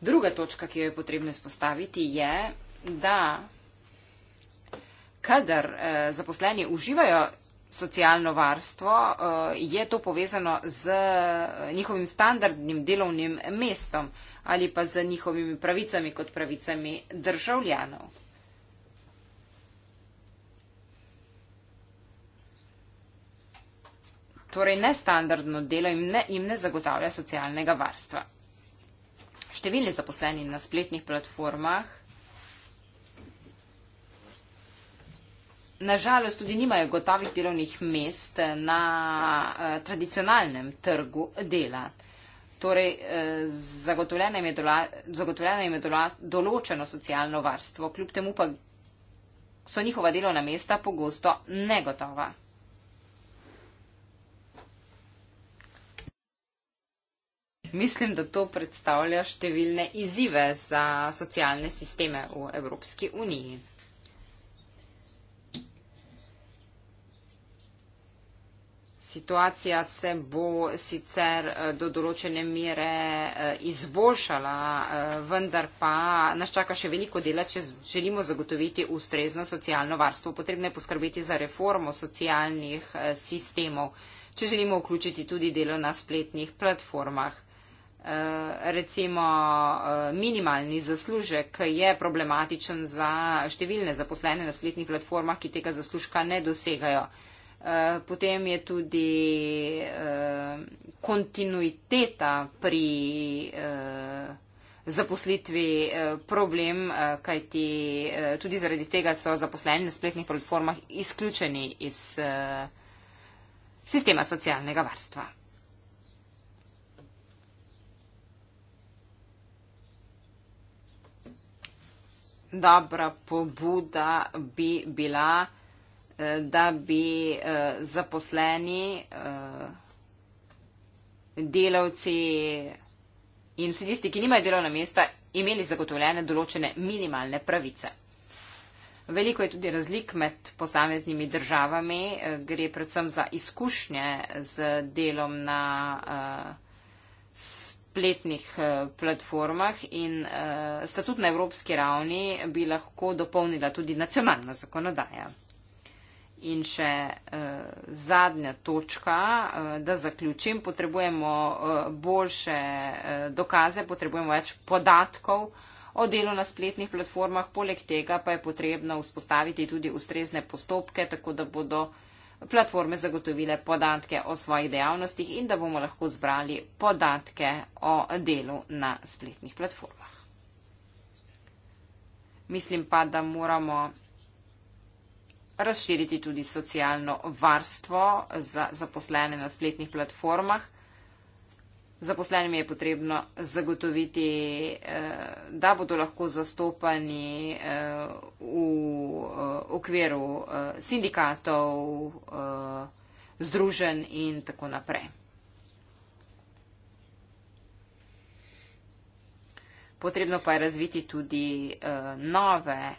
Druga točka, ki jo je potrebno spostaviti, je, da kadar eh, zaposleni uživajo socialno varstvo, eh, je to povezano z njihovim standardnim delovnim mestom ali pa z njihovimi pravicami kot pravicami državljanov. torej nestandardno delo jim ne, jim ne zagotavlja socialnega varstva. Številni zaposleni na spletnih platformah nažalost tudi nimajo gotovih delovnih mest na uh, tradicionalnem trgu dela. Torej, eh, zagotovljeno jim je določeno socialno varstvo, kljub temu pa so njihova delovna mesta pogosto negotova. Mislim, da to predstavlja številne izzive za socialne sisteme v Evropski uniji. Situacija se bo sicer eh, do določene mere eh, izboljšala, eh, vendar pa nas čaka še veliko dela, če želimo zagotoviti ustrezno socialno varstvo. Potrebno je poskrbeti za reformo socialnih sistemov, če želimo vključiti tudi delo na spletnih platformah. Eh, recimo eh, minimalni zaslužek je problematičen za številne zaposlene na spletnih platformah, ki tega zaslužka ne dosegajo. Eh, potem je tudi kontinuiteta pri zaposlitvi problem, kajti tudi zaradi tega so zaposleni na spletnih platformah izključeni iz sistema socialnega varstva. dobra pobuda bi bila, eh, da bi eh, zaposleni, eh, delavci in vsi tisti, ki nimajo delovna mesta, imeli zagotovljene določene minimalne pravice. Veliko je tudi razlik med posameznimi državami, gre predvsem za izkušnje z delom na uh, spletnih eh, platformah in eh, statut na evropski ravni bi lahko dopolnila tudi nacionalna zakonodaja. In še uh, zadnja točka, uh, da zaključim, potrebujemo uh, boljše uh, dokaze, potrebujemo več podatkov o delu na spletnih platformah, poleg tega pa je potrebno vzpostaviti tudi ustrezne postopke, tako da bodo uh, platforme zagotovile podatke o svojih dejavnostih in da bomo lahko zbrali podatke o delu na spletnih platformah. Mislim pa, da moramo razširiti tudi socialno varstvo za zaposlene na spletnih platformah zaposlenim je potrebno zagotoviti, eh, da bodo lahko zastopani eh, v eh, okviru sindikatov, združen in tako naprej. Potrebno pa je razviti tudi nove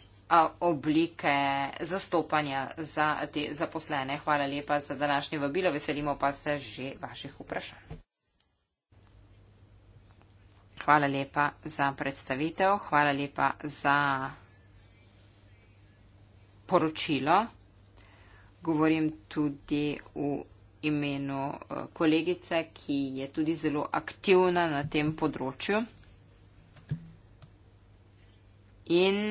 oblike zastopanja za te zaposlene. Hvala lepa za današnje vabilo, veselimo pa se že vaših vprašanj. Hvala lepa za predstavitev, hvala lepa za poročilo. Govorim tudi v imenu eh, kolegice, ki je tudi zelo aktivna na tem področju. In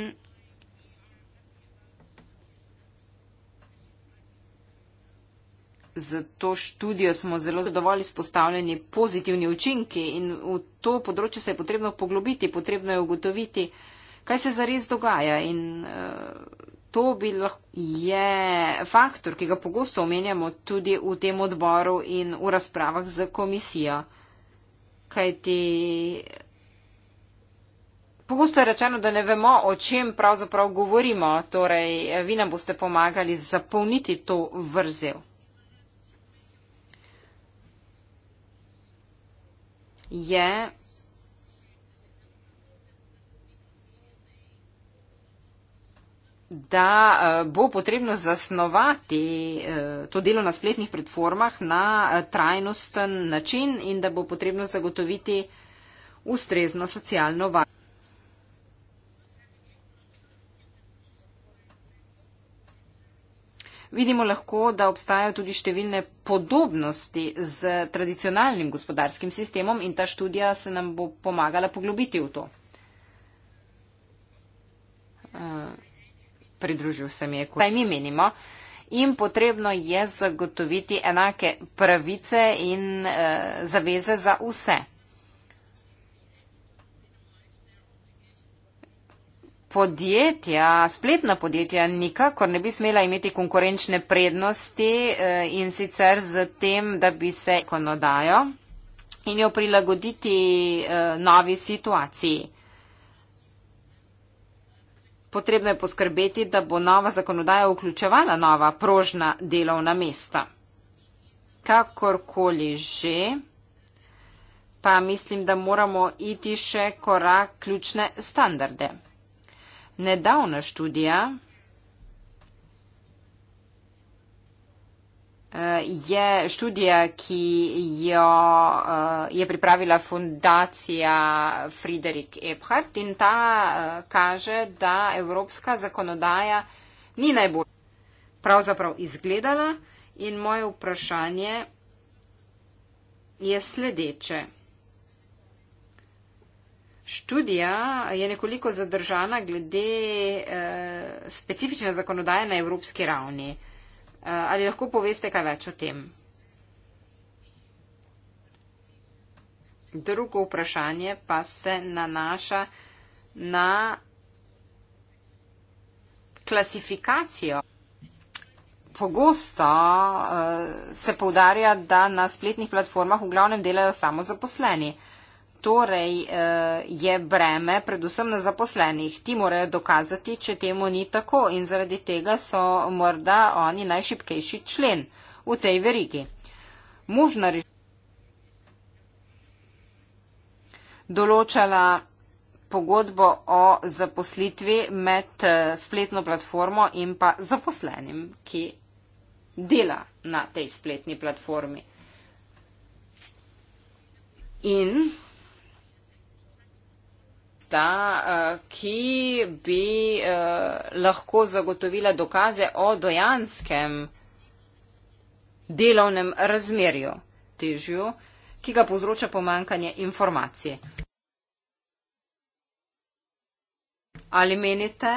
z to študijo smo zelo zadovoljni s postavljeni pozitivni učinki in v to področje se je potrebno poglobiti, potrebno je ugotoviti, kaj se zares dogaja. In uh, to bi lahko je faktor, ki ga pogosto omenjamo tudi v tem odboru in v razpravah z komisijo. Kajti pogosto je rečeno, da ne vemo, o čem pravzaprav govorimo, torej vi nam boste pomagali zapolniti to vrzel. je da eh, bo potrebno zasnovati eh, to delo na spletnih platformah na eh, trajnosten način in da bo potrebno zagotoviti ustrezno socialno varnost. Vidimo lahko, da obstajajo tudi številne podobnosti z tradicionalnim gospodarskim sistemom in ta študija se nam bo pomagala poglobiti v to. Eh, pridružil se mi je, kaj mi menimo. In potrebno je zagotoviti enake pravice in eh, zaveze za vse. podjetja, spletna podjetja nikakor ne bi smela imeti konkurenčne prednosti eh, in sicer z tem, da bi se konodajo in jo prilagoditi eh, novi situaciji. Potrebno je poskrbeti, da bo nova zakonodaja vključevala nova prožna delovna mesta. Kakorkoli že, pa mislim, da moramo iti še korak ključne standarde nedavna študija eh, je študija, ki jo eh, je pripravila fundacija Friderik Ebhardt in ta eh, kaže, da evropska zakonodaja ni najbolj pravzaprav izgledala in moje vprašanje je sledeče. Študija je nekoliko zadržana glede eh, specifične zakonodaje na evropski ravni. Eh, ali lahko poveste kaj več o tem? Drugo vprašanje pa se nanaša na klasifikacijo. Pogosto eh, se povdarja, da na spletnih platformah v glavnem delajo samo zaposleni. Eh, torej eh, je breme predvsem na zaposlenih. Ti morajo dokazati, če temu ni tako in zaradi tega so morda oni najšipkejši člen v tej verigi. Možna rešitev določala pogodbo o zaposlitvi med eh, spletno platformo in pa zaposlenim, ki dela na tej spletni platformi. In tista, eh, ki bi eh, lahko zagotovila dokaze o dojanskem delovnem razmerju težju, ki ga povzroča pomankanje informacij. Ali menite,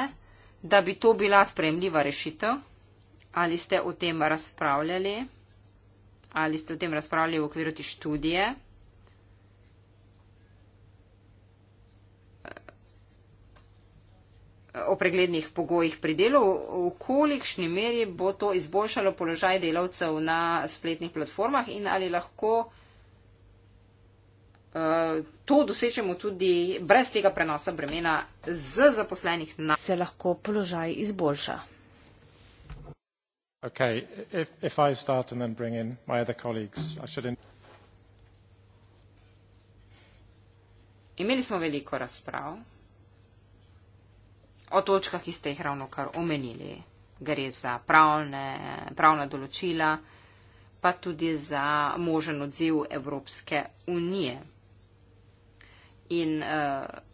da bi to bila spremljiva rešitev? Ali ste o tem razpravljali? Ali ste o tem razpravljali v okviru te študije? o preglednih pogojih pri delu, v kolikšni meri bo to izboljšalo položaj delavcev na spletnih platformah in ali lahko eh, to dosečemo tudi brez tega prenosa bremena z zaposlenih na. Se lahko položaj izboljša. Okay, if, if I start and then bring in my other colleagues, I should. Imeli smo veliko razprav o točkah, ki ste jih ravno kar omenili. Gre za pravne, pravna določila, pa tudi za možen odziv Evropske unije. In uh,